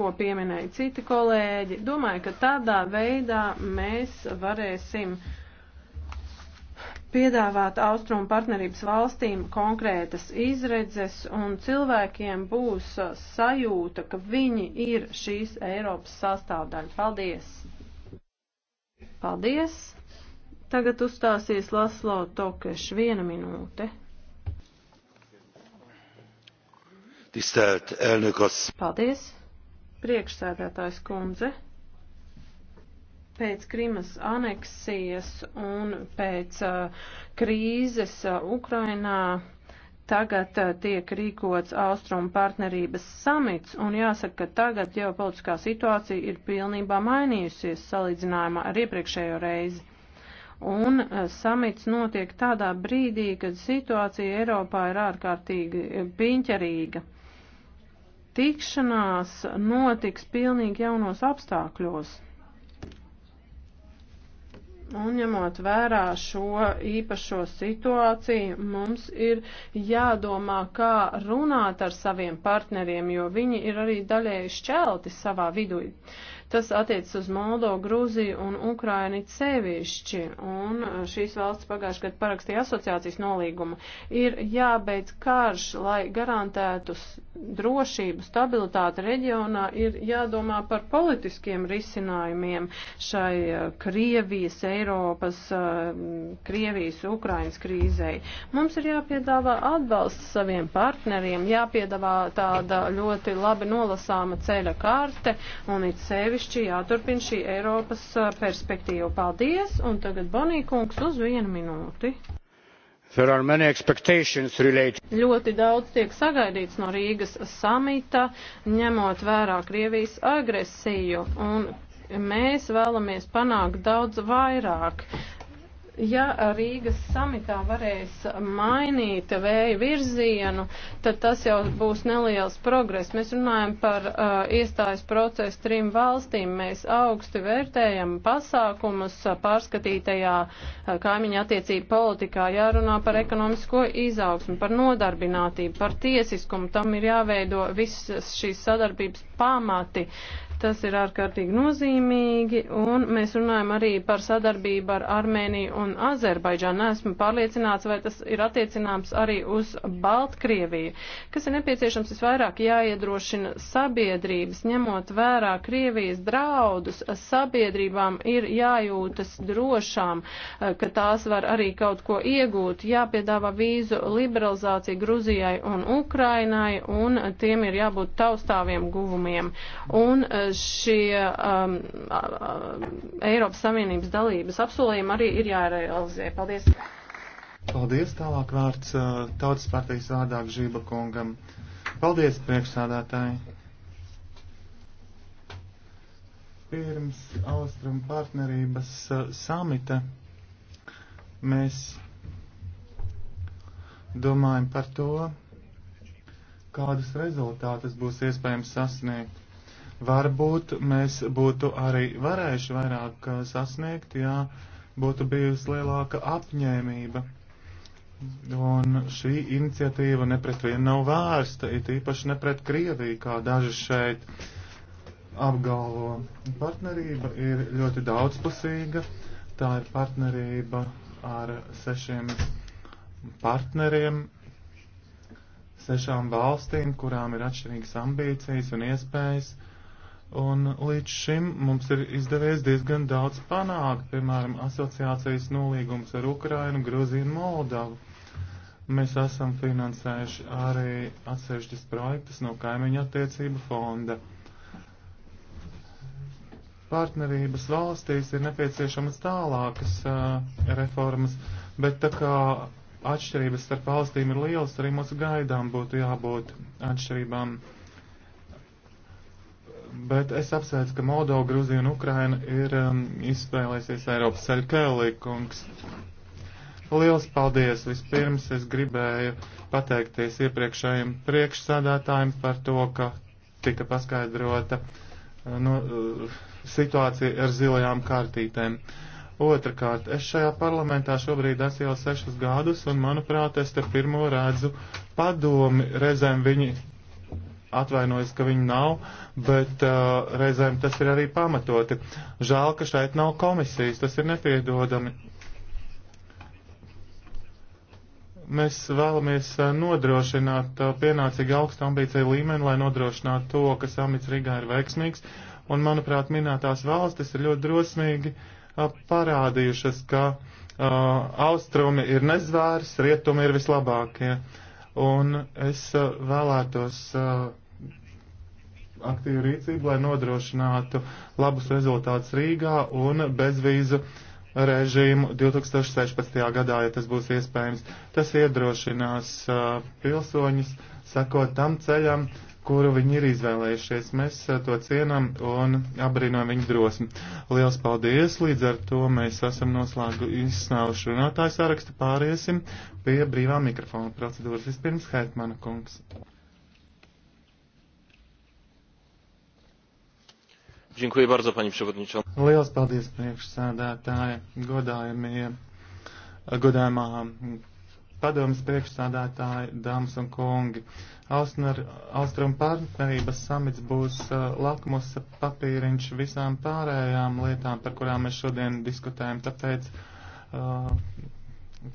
[SPEAKER 1] ko pieminēja citi kolēģi. Domāju, ka tādā veidā mēs varēsim. Uh, piedāvāt austrumu partnerības valstīm konkrētas izredzes, un cilvēkiem būs uh, sajūta, ka viņi ir šīs Eiropas sastāvdaļa. Paldies! Paldies! Tagad uzstāsies Laslo Tokeš viena minūte.
[SPEAKER 4] Tisztelt elnök
[SPEAKER 2] asszony!
[SPEAKER 1] Paldies! Priekšsēdētājs kundze! pēc Krimas aneksijas un pēc uh, krīzes uh, Ukrainā tagad uh, tiek rīkots Austrumu partnerības samits, un jāsaka, ka tagad ģeopolitiskā situācija ir pilnībā mainījusies salīdzinājumā ar iepriekšējo reizi. Un samits notiek tādā brīdī, kad situācija Eiropā ir ārkārtīgi piņķerīga. Tikšanās notiks pilnīgi jaunos apstākļos. Un ņemot vērā šo īpašo situāciju, mums ir jādomā, kā runāt ar saviem partneriem, jo viņi ir arī daļēji šķelti savā vidū. Uh, Tas attiecas uz Moldovu, Grūziju un Ukraini sevišķi, un uh, šīs valsts pagājušajā gadā parakstīja asociācijas nolīgumu. Ir jābeidz karš, lai garantētu drošību, stabilitāti reģionā, ir jādomā par politiskiem risinājumiem šai uh, Krievijas, Eiropas, uh, Krievijas, Ukrainas krīzei. Mums ir jāpiedāvā atbalsts saviem partneriem, jāpiedāvā tāda ļoti labi nolasāma ceļa karte, un it sevišķi lielišķi jāturpina šī Eiropas perspektīva. Paldies, un tagad Bonīkungs uz vienu minūti. Ļoti daudz tiek sagaidīts no Rīgas samita, ņemot vērā Krievijas agresiju, un mēs vēlamies panākt daudz vairāk Ja Rīgas samitā varēs mainīt vēju virzienu, tad tas jau būs neliels progress. Mēs runājam par uh, iestājas procesu trim valstīm. Mēs augsti vērtējam pasākumus pārskatītajā uh, kaimiņa attiecību politikā. Jārunā par ekonomisko izaugsmu, par nodarbinātību, par tiesiskumu. Tam ir jāveido visas šīs sadarbības pamati. Uh, Tas ir ārkārtīgi nozīmīgi, un mēs runājam arī par sadarbību ar Armēniju un Azerbaidžānu. Esmu pārliecināts, vai tas ir attiecināms arī uz Baltkrieviju. Kas ir nepieciešams visvairāk jāiedrošina sabiedrības, ņemot vērā Krievijas draudus, sabiedrībām ir jājūtas drošām, ka tās var arī kaut ko iegūt, jāpiedāvā vīzu liberalizācija Gruzijai un Ukrainai, un tiem ir jābūt taustāviem guvumiem. Un, šie um, Eiropas Savienības dalības apsolījumi arī ir jārealizē. Paldies!
[SPEAKER 4] Paldies!
[SPEAKER 5] Tālāk vārds uh, Tautas partijas vārdā Gžība kungam. Paldies, priekšsādātāji! Pirms Austrum partnerības uh, samita mēs domājam par to, kādus rezultātus būs iespējams sasniegt. Varbūt mēs būtu arī varējuši vairāk uh, sasniegt, ja būtu bijusi lielāka apņēmība. Un šī iniciatīva ne pret vienu nav vērsta, it īpaši ne pret Krieviju, kā daži šeit apgalvo. Partnerība ir ļoti daudzpusīga. Tā ir partnerība ar sešiem partneriem, sešām valstīm, kurām ir atšķirīgas ambīcijas un iespējas. Uh, Un līdz šim mums ir izdevies diezgan daudz panākt, piemēram, asociācijas nolīgums ar Ukrainu, Gruziju un Moldavu. Mēs esam finansējuši arī atsevišķas projektas no kaimiņa attiecību fonda. Partnerības valstīs ir nepieciešamas tālākas uh, reformas, bet tā kā atšķirības starp valstīm ir lielas, arī mūsu gaidām būtu jābūt atšķirībām. Uh, bet es apsveicu, ka Moldova, Gruzija un Ukraina ir um, izspēlēsies Eiropas ceļu kēlīkungs. Liels paldies! Vispirms es gribēju pateikties iepriekšējiem priekšsādātājiem par to, ka tika paskaidrota uh, no, uh, situācija ar zilajām kārtītēm. Otrakārt, es šajā parlamentā šobrīd esmu jau sešus gadus, un, manuprāt, es te pirmo redzu padomi, reizēm viņi atvainojas, ka viņu nav, bet uh, reizēm tas ir arī pamatoti. Žēl, ka šeit nav komisijas, tas ir nepiedodami. Mēs vēlamies uh, nodrošināt uh, pienācīgi augstu ambīciju līmeni, lai nodrošinātu to, ka samits Rīgā ir veiksmīgs, un, manuprāt, minētās valstis ir ļoti drosmīgi uh, parādījušas, ka uh, austrumi ir nezvērs, rietumi ir vislabākie. Ja un es uh, vēlētos uh, aktīvu rīcību, lai nodrošinātu labus rezultātus Rīgā un bezvīzu režīmu 2016. gadā, ja tas būs iespējams. Tas iedrošinās uh, pilsoņus sekot tam ceļam, kuru viņi ir izvēlējušies. Mēs eh, to cienam un abrīnojam viņu drosmi. Liels paldies! Līdz ar to mēs esam noslēguši runātāju sārakstu. Pāriesim pie brīvā mikrofona procedūras. Vispirms Hetmana kungs. Dziękuję bardzo, pani przewodnicząca. Liels paldies, priekšsādātāja, godājumie, godājumā padomas priekšsādātāji, dāmas un kungi. Uh, Austrum partnerības samits būs uh, lakmus papīriņš visām pārējām lietām, par kurām mēs šodien diskutējam, tāpēc uh,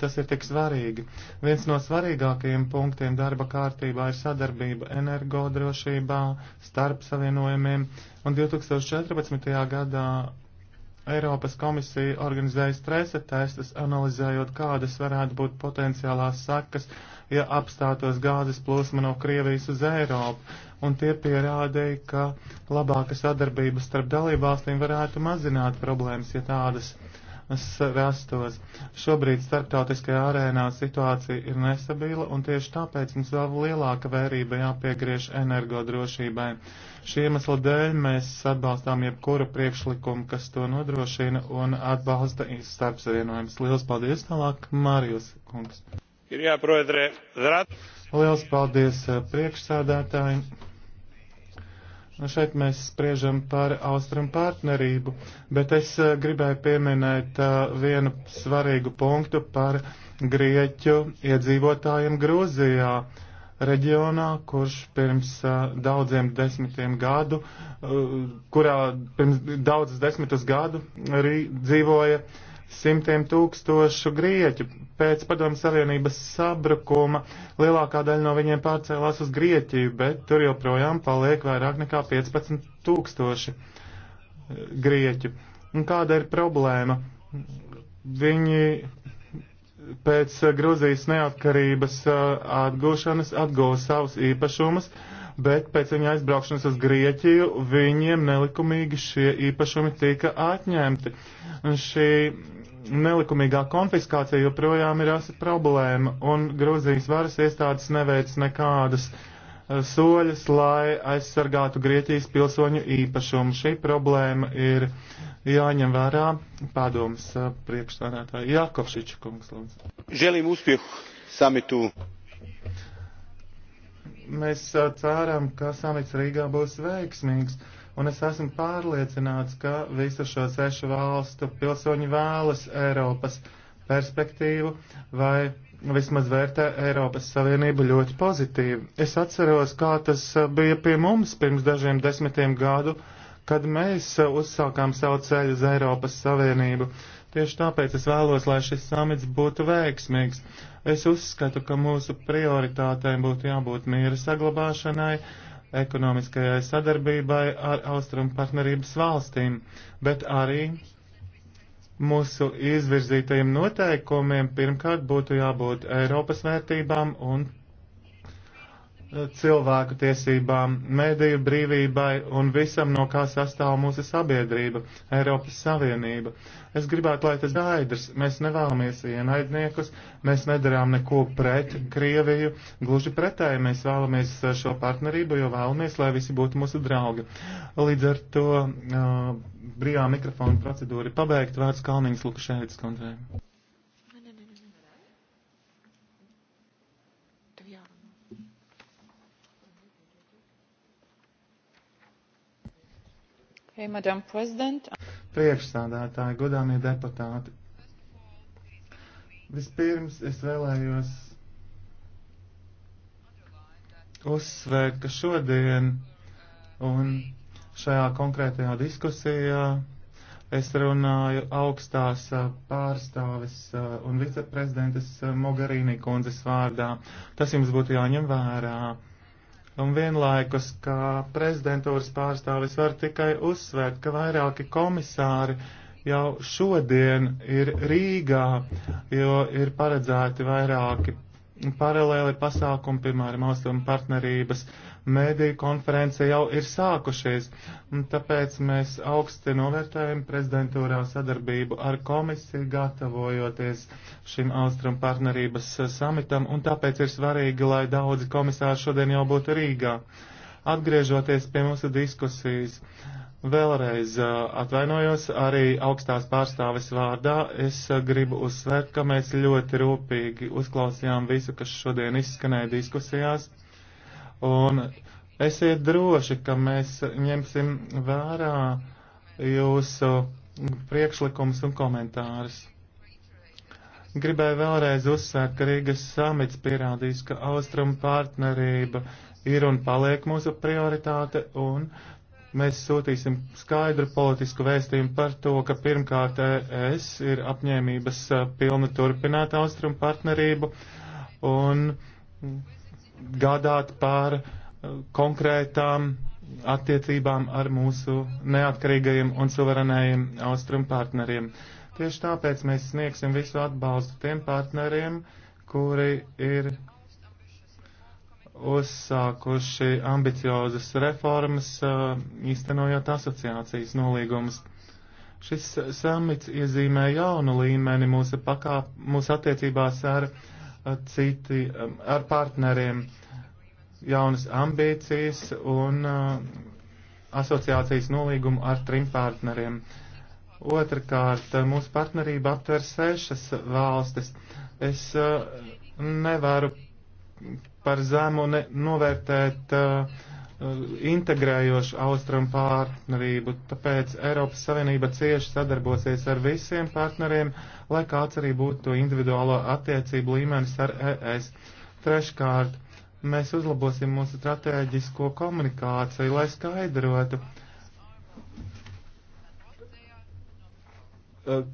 [SPEAKER 5] tas ir tik svarīgi. Viens no svarīgākajiem punktiem darba kārtībā ir sadarbība energodrošībā, starp savienojumiem, un 2014. gadā Eiropas komisija organizēja stresa testus, analizējot, kādas varētu būt potenciālās sakas, ja apstātos gāzes plūsma no Krievijas uz Eiropu, un tie pierādīja, ka labāka sadarbība starp dalībvalstīm varētu mazināt problēmas, ja tādas rastos. Šobrīd starptautiskajā arēnā situācija ir nestabila, un tieši tāpēc mums vēl lielāka vērība jāpiegriež energodrošībai. Šī iemesla dēļ mēs atbalstām jebkuru priekšlikumu, kas to nodrošina un atbalsta starpsavienojumus. Lielas paldies tālāk, Mārijus kungs. Liels paldies eh, priekšsādātājiem. Nu, šeit mēs spriežam par austrumu partnerību, bet es eh, gribēju pieminēt eh, vienu svarīgu punktu par grieķu iedzīvotājiem Grūzijā, reģionā, kurš pirms eh, daudziem desmitiem gadu, kurā pirms daudzas desmitus gadu arī dzīvoja uh, Simtiem tūkstošu grieķu pēc padomu savienības sabrukuma lielākā daļa no viņiem pārcēlās uz Grieķiju, bet tur joprojām paliek vairāk nekā 15 tūkstoši eh, grieķu. Un kāda ir problēma? Viņi pēc eh, Gruzijas neatkarības eh, atgūšanas atguva savus īpašumus, bet pēc viņa aizbraukšanas uz Grieķiju viņiem nelikumīgi šie īpašumi tika atņemti. Un šī nelikumīgā konfiskācija joprojām ir asa problēma, un Grūzijas varas iestādes neveic nekādas eh, soļas, lai aizsargātu Grieķijas pilsoņu īpašumu. Šī problēma ir jāņem vērā padomas eh, priekšstādātāja Jākovšiča kungs.
[SPEAKER 4] Želim uspiehu samitu.
[SPEAKER 5] Mēs eh, ceram, ka samits Rīgā būs veiksmīgs. Un es esmu pārliecināts, ka visu šo sešu valstu pilsoņi vēlas Eiropas perspektīvu vai vismaz vērtē Eiropas Savienību ļoti pozitīvi. Es atceros, kā tas bija pie mums pirms dažiem desmitiem gadu, kad mēs uzsākām savu ceļu uz Eiropas Savienību. Tieši tāpēc es vēlos, lai šis samits būtu veiksmīgs. Es uzskatu, ka mūsu prioritātēm būtu jābūt miera saglabāšanai, ekonomiskajai sadarbībai ar austrumu partnerības valstīm, bet arī mūsu izvirzītajiem noteikumiem pirmkārt būtu jābūt Eiropas vērtībām un cilvēku tiesībām, mēdīju brīvībai un visam, no kā sastāv mūsu sabiedrība, Eiropas Savienība. Es gribētu, lai tas skaidrs, mēs nevēlamies ienaidniekus, mēs nedarām neko pret Krieviju, gluži pretēji mēs vēlamies šo partnerību, jo vēlamies, lai visi būtu mūsu draugi. Līdz ar to uh, brīvā mikrofona procedūra pabeigta vārds Kalniņas Lukašēvicis kontrēm. Hey, Priekšsādātāji, godāmie deputāti. Vispirms es vēlējos uzsvērt, ka šodien un šajā konkrētajā diskusijā es runāju augstās pārstāves un viceprezidentes Mogarīnī kundzes vārdā. Tas jums būtu jāņem vērā. Un vienlaikus, kā prezidentūras pārstāvis var tikai uzsvērt, ka vairāki komisāri jau šodien ir Rīgā, jo ir paredzēti vairāki paralēli pasākumi, piemēram, austrumu partnerības mēdīju konference jau ir sākušies, un tāpēc mēs augsti novērtējam prezidentūrā sadarbību ar komisiju, gatavojoties šim Austrum partnerības eh, samitam, un tāpēc ir svarīgi, lai daudzi komisāri šodien jau būtu Rīgā. Atgriežoties pie mūsu diskusijas, Vēlreiz eh, atvainojos arī augstās pārstāves vārdā. Es eh, gribu uzsvērt, ka mēs ļoti rūpīgi uzklausījām visu, kas šodien izskanēja diskusijās. Un esiet droši, ka mēs ņemsim vērā jūsu priekšlikumus un komentārus. Gribēju vēlreiz uzsvērt, ka Rīgas samits pierādīs, ka austrumu partnerība ir un paliek mūsu prioritāte, un mēs sūtīsim skaidru politisku vēstījumu par to, ka pirmkārt ES ir apņēmības pilna turpināt austrumu partnerību, un gādāt par uh, konkrētām attiecībām ar mūsu neatkarīgajiem un suverenējiem austrumu partneriem. Tieši tāpēc mēs sniegsim visu atbalstu tiem partneriem, kuri ir uzsākuši ambiciozas reformas, uh, īstenojot asociācijas nolīgumus. Šis samits iezīmē jaunu līmeni mūsu, pakāp, mūsu attiecībās ar uh, citi um, ar partneriem jaunas ambīcijas un uh, asociācijas nolīgumu ar trim partneriem. Otrakārt, uh, mūsu partnerība aptver sešas valstis. Es uh, nevaru par zemu ne, novērtēt uh, integrējošu austrumu partnerību, tāpēc Eiropas Savienība cieši sadarbosies ar visiem partneriem, uh, lai kāds arī būtu individuālo attiecību līmenis ar ES. Treškārt, mēs uzlabosim mūsu strateģisko komunikāciju, lai skaidrotu, eh,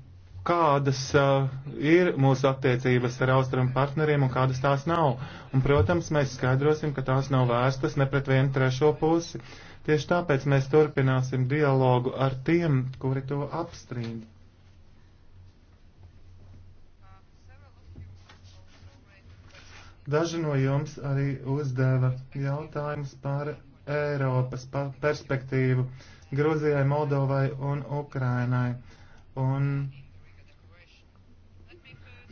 [SPEAKER 5] kādas uh, ir mūsu attiecības ar austrumu partneriem un kādas tās nav. Un, protams, mēs skaidrosim, ka tās nav vērstas ne pret vienu trešo pusi. Tieši tāpēc mēs turpināsim dialogu ar tiem, kuri to apstrīd. Daži no jums arī uzdeva jautājumus par Eiropas perspektīvu Gruzijai, Moldovai un Ukrainai. Un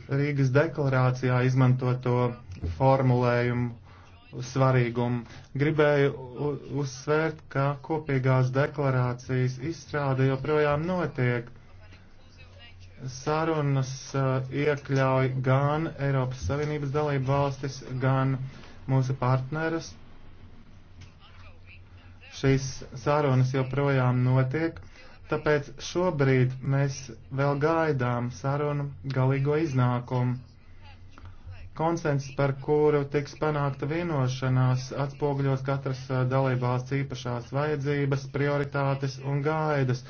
[SPEAKER 5] Rīgas deklarācijā izmantoto formulējumu svarīgumu. Gribēju uzsvērt, ka kopīgās deklarācijas izstrāde joprojām notiek Sarunas uh, iekļauj gan Eiropas Savienības dalību valstis, gan mūsu partneras. Šīs sarunas joprojām notiek, tāpēc šobrīd mēs vēl gaidām sarunu galīgo iznākumu. Konsens, par kuru tiks panākta vienošanās, atspogļos katras uh, dalībvalsts īpašās vajadzības, prioritātes un gaidas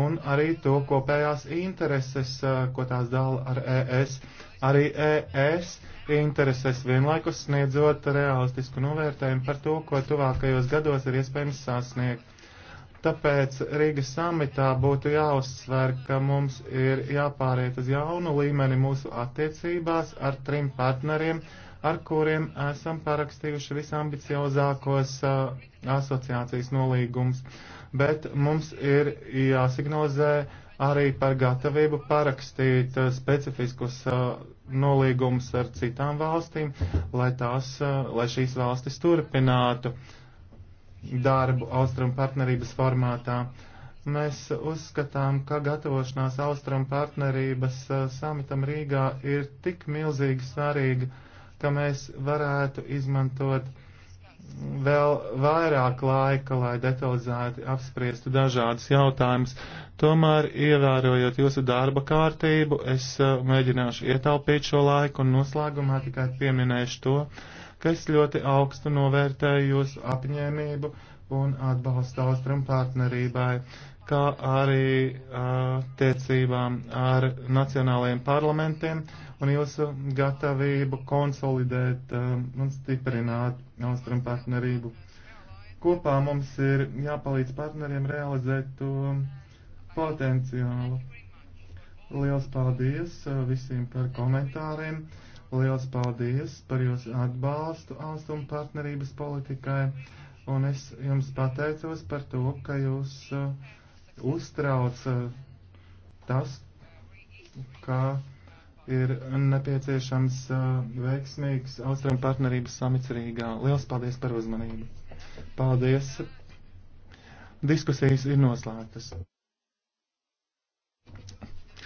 [SPEAKER 5] un arī to kopējās intereses, ko tās dala ar ES. Arī ES intereses vienlaikus sniedzot realistisku novērtējumu par to, ko tuvākajos gados ir iespējams sasniegt. Tāpēc Rīgas samitā būtu jāuzsver, ka mums ir jāpāriet uz jaunu līmeni mūsu attiecībās ar trim partneriem, ar kuriem esam parakstījuši visambiciozākos uh, asociācijas nolīgumus bet mums ir jāsignozē arī par gatavību parakstīt eh, specifiskus eh, nolīgumus ar citām valstīm, lai, tās, eh, lai šīs valstis turpinātu darbu austrumu partnerības formātā. Mēs uzskatām, ka gatavošanās austrumu partnerības samitam Rīgā ir tik milzīgi svarīga, ka mēs varētu izmantot vēl vairāk laika, lai detalizēti apspriestu dažādas jautājumas. Tomēr, ievērojot jūsu darba kārtību, es uh, mēģināšu ietaupīt šo laiku un noslēgumā tikai pieminēšu to, ka es ļoti augstu novērtēju jūsu apņēmību un atbalstu austrumu partnerībai kā arī attiecībām ar nacionālajiem parlamentiem un jūsu gatavību konsolidēt un stiprināt austrumu partnerību. Kopā mums ir jāpalīdz partneriem realizēt to potenciālu. Liels paldies visiem par komentāriem. Liels paldies par jūsu atbalstu austrumu partnerības politikai. Un es jums pateicos par to, ka jūs uh, uztrauc tas, kā ir nepieciešams uh, veiksmīgs Austrum partnerības samits Rīgā. Liels paldies par uzmanību. Paldies. Diskusijas ir noslēgtas.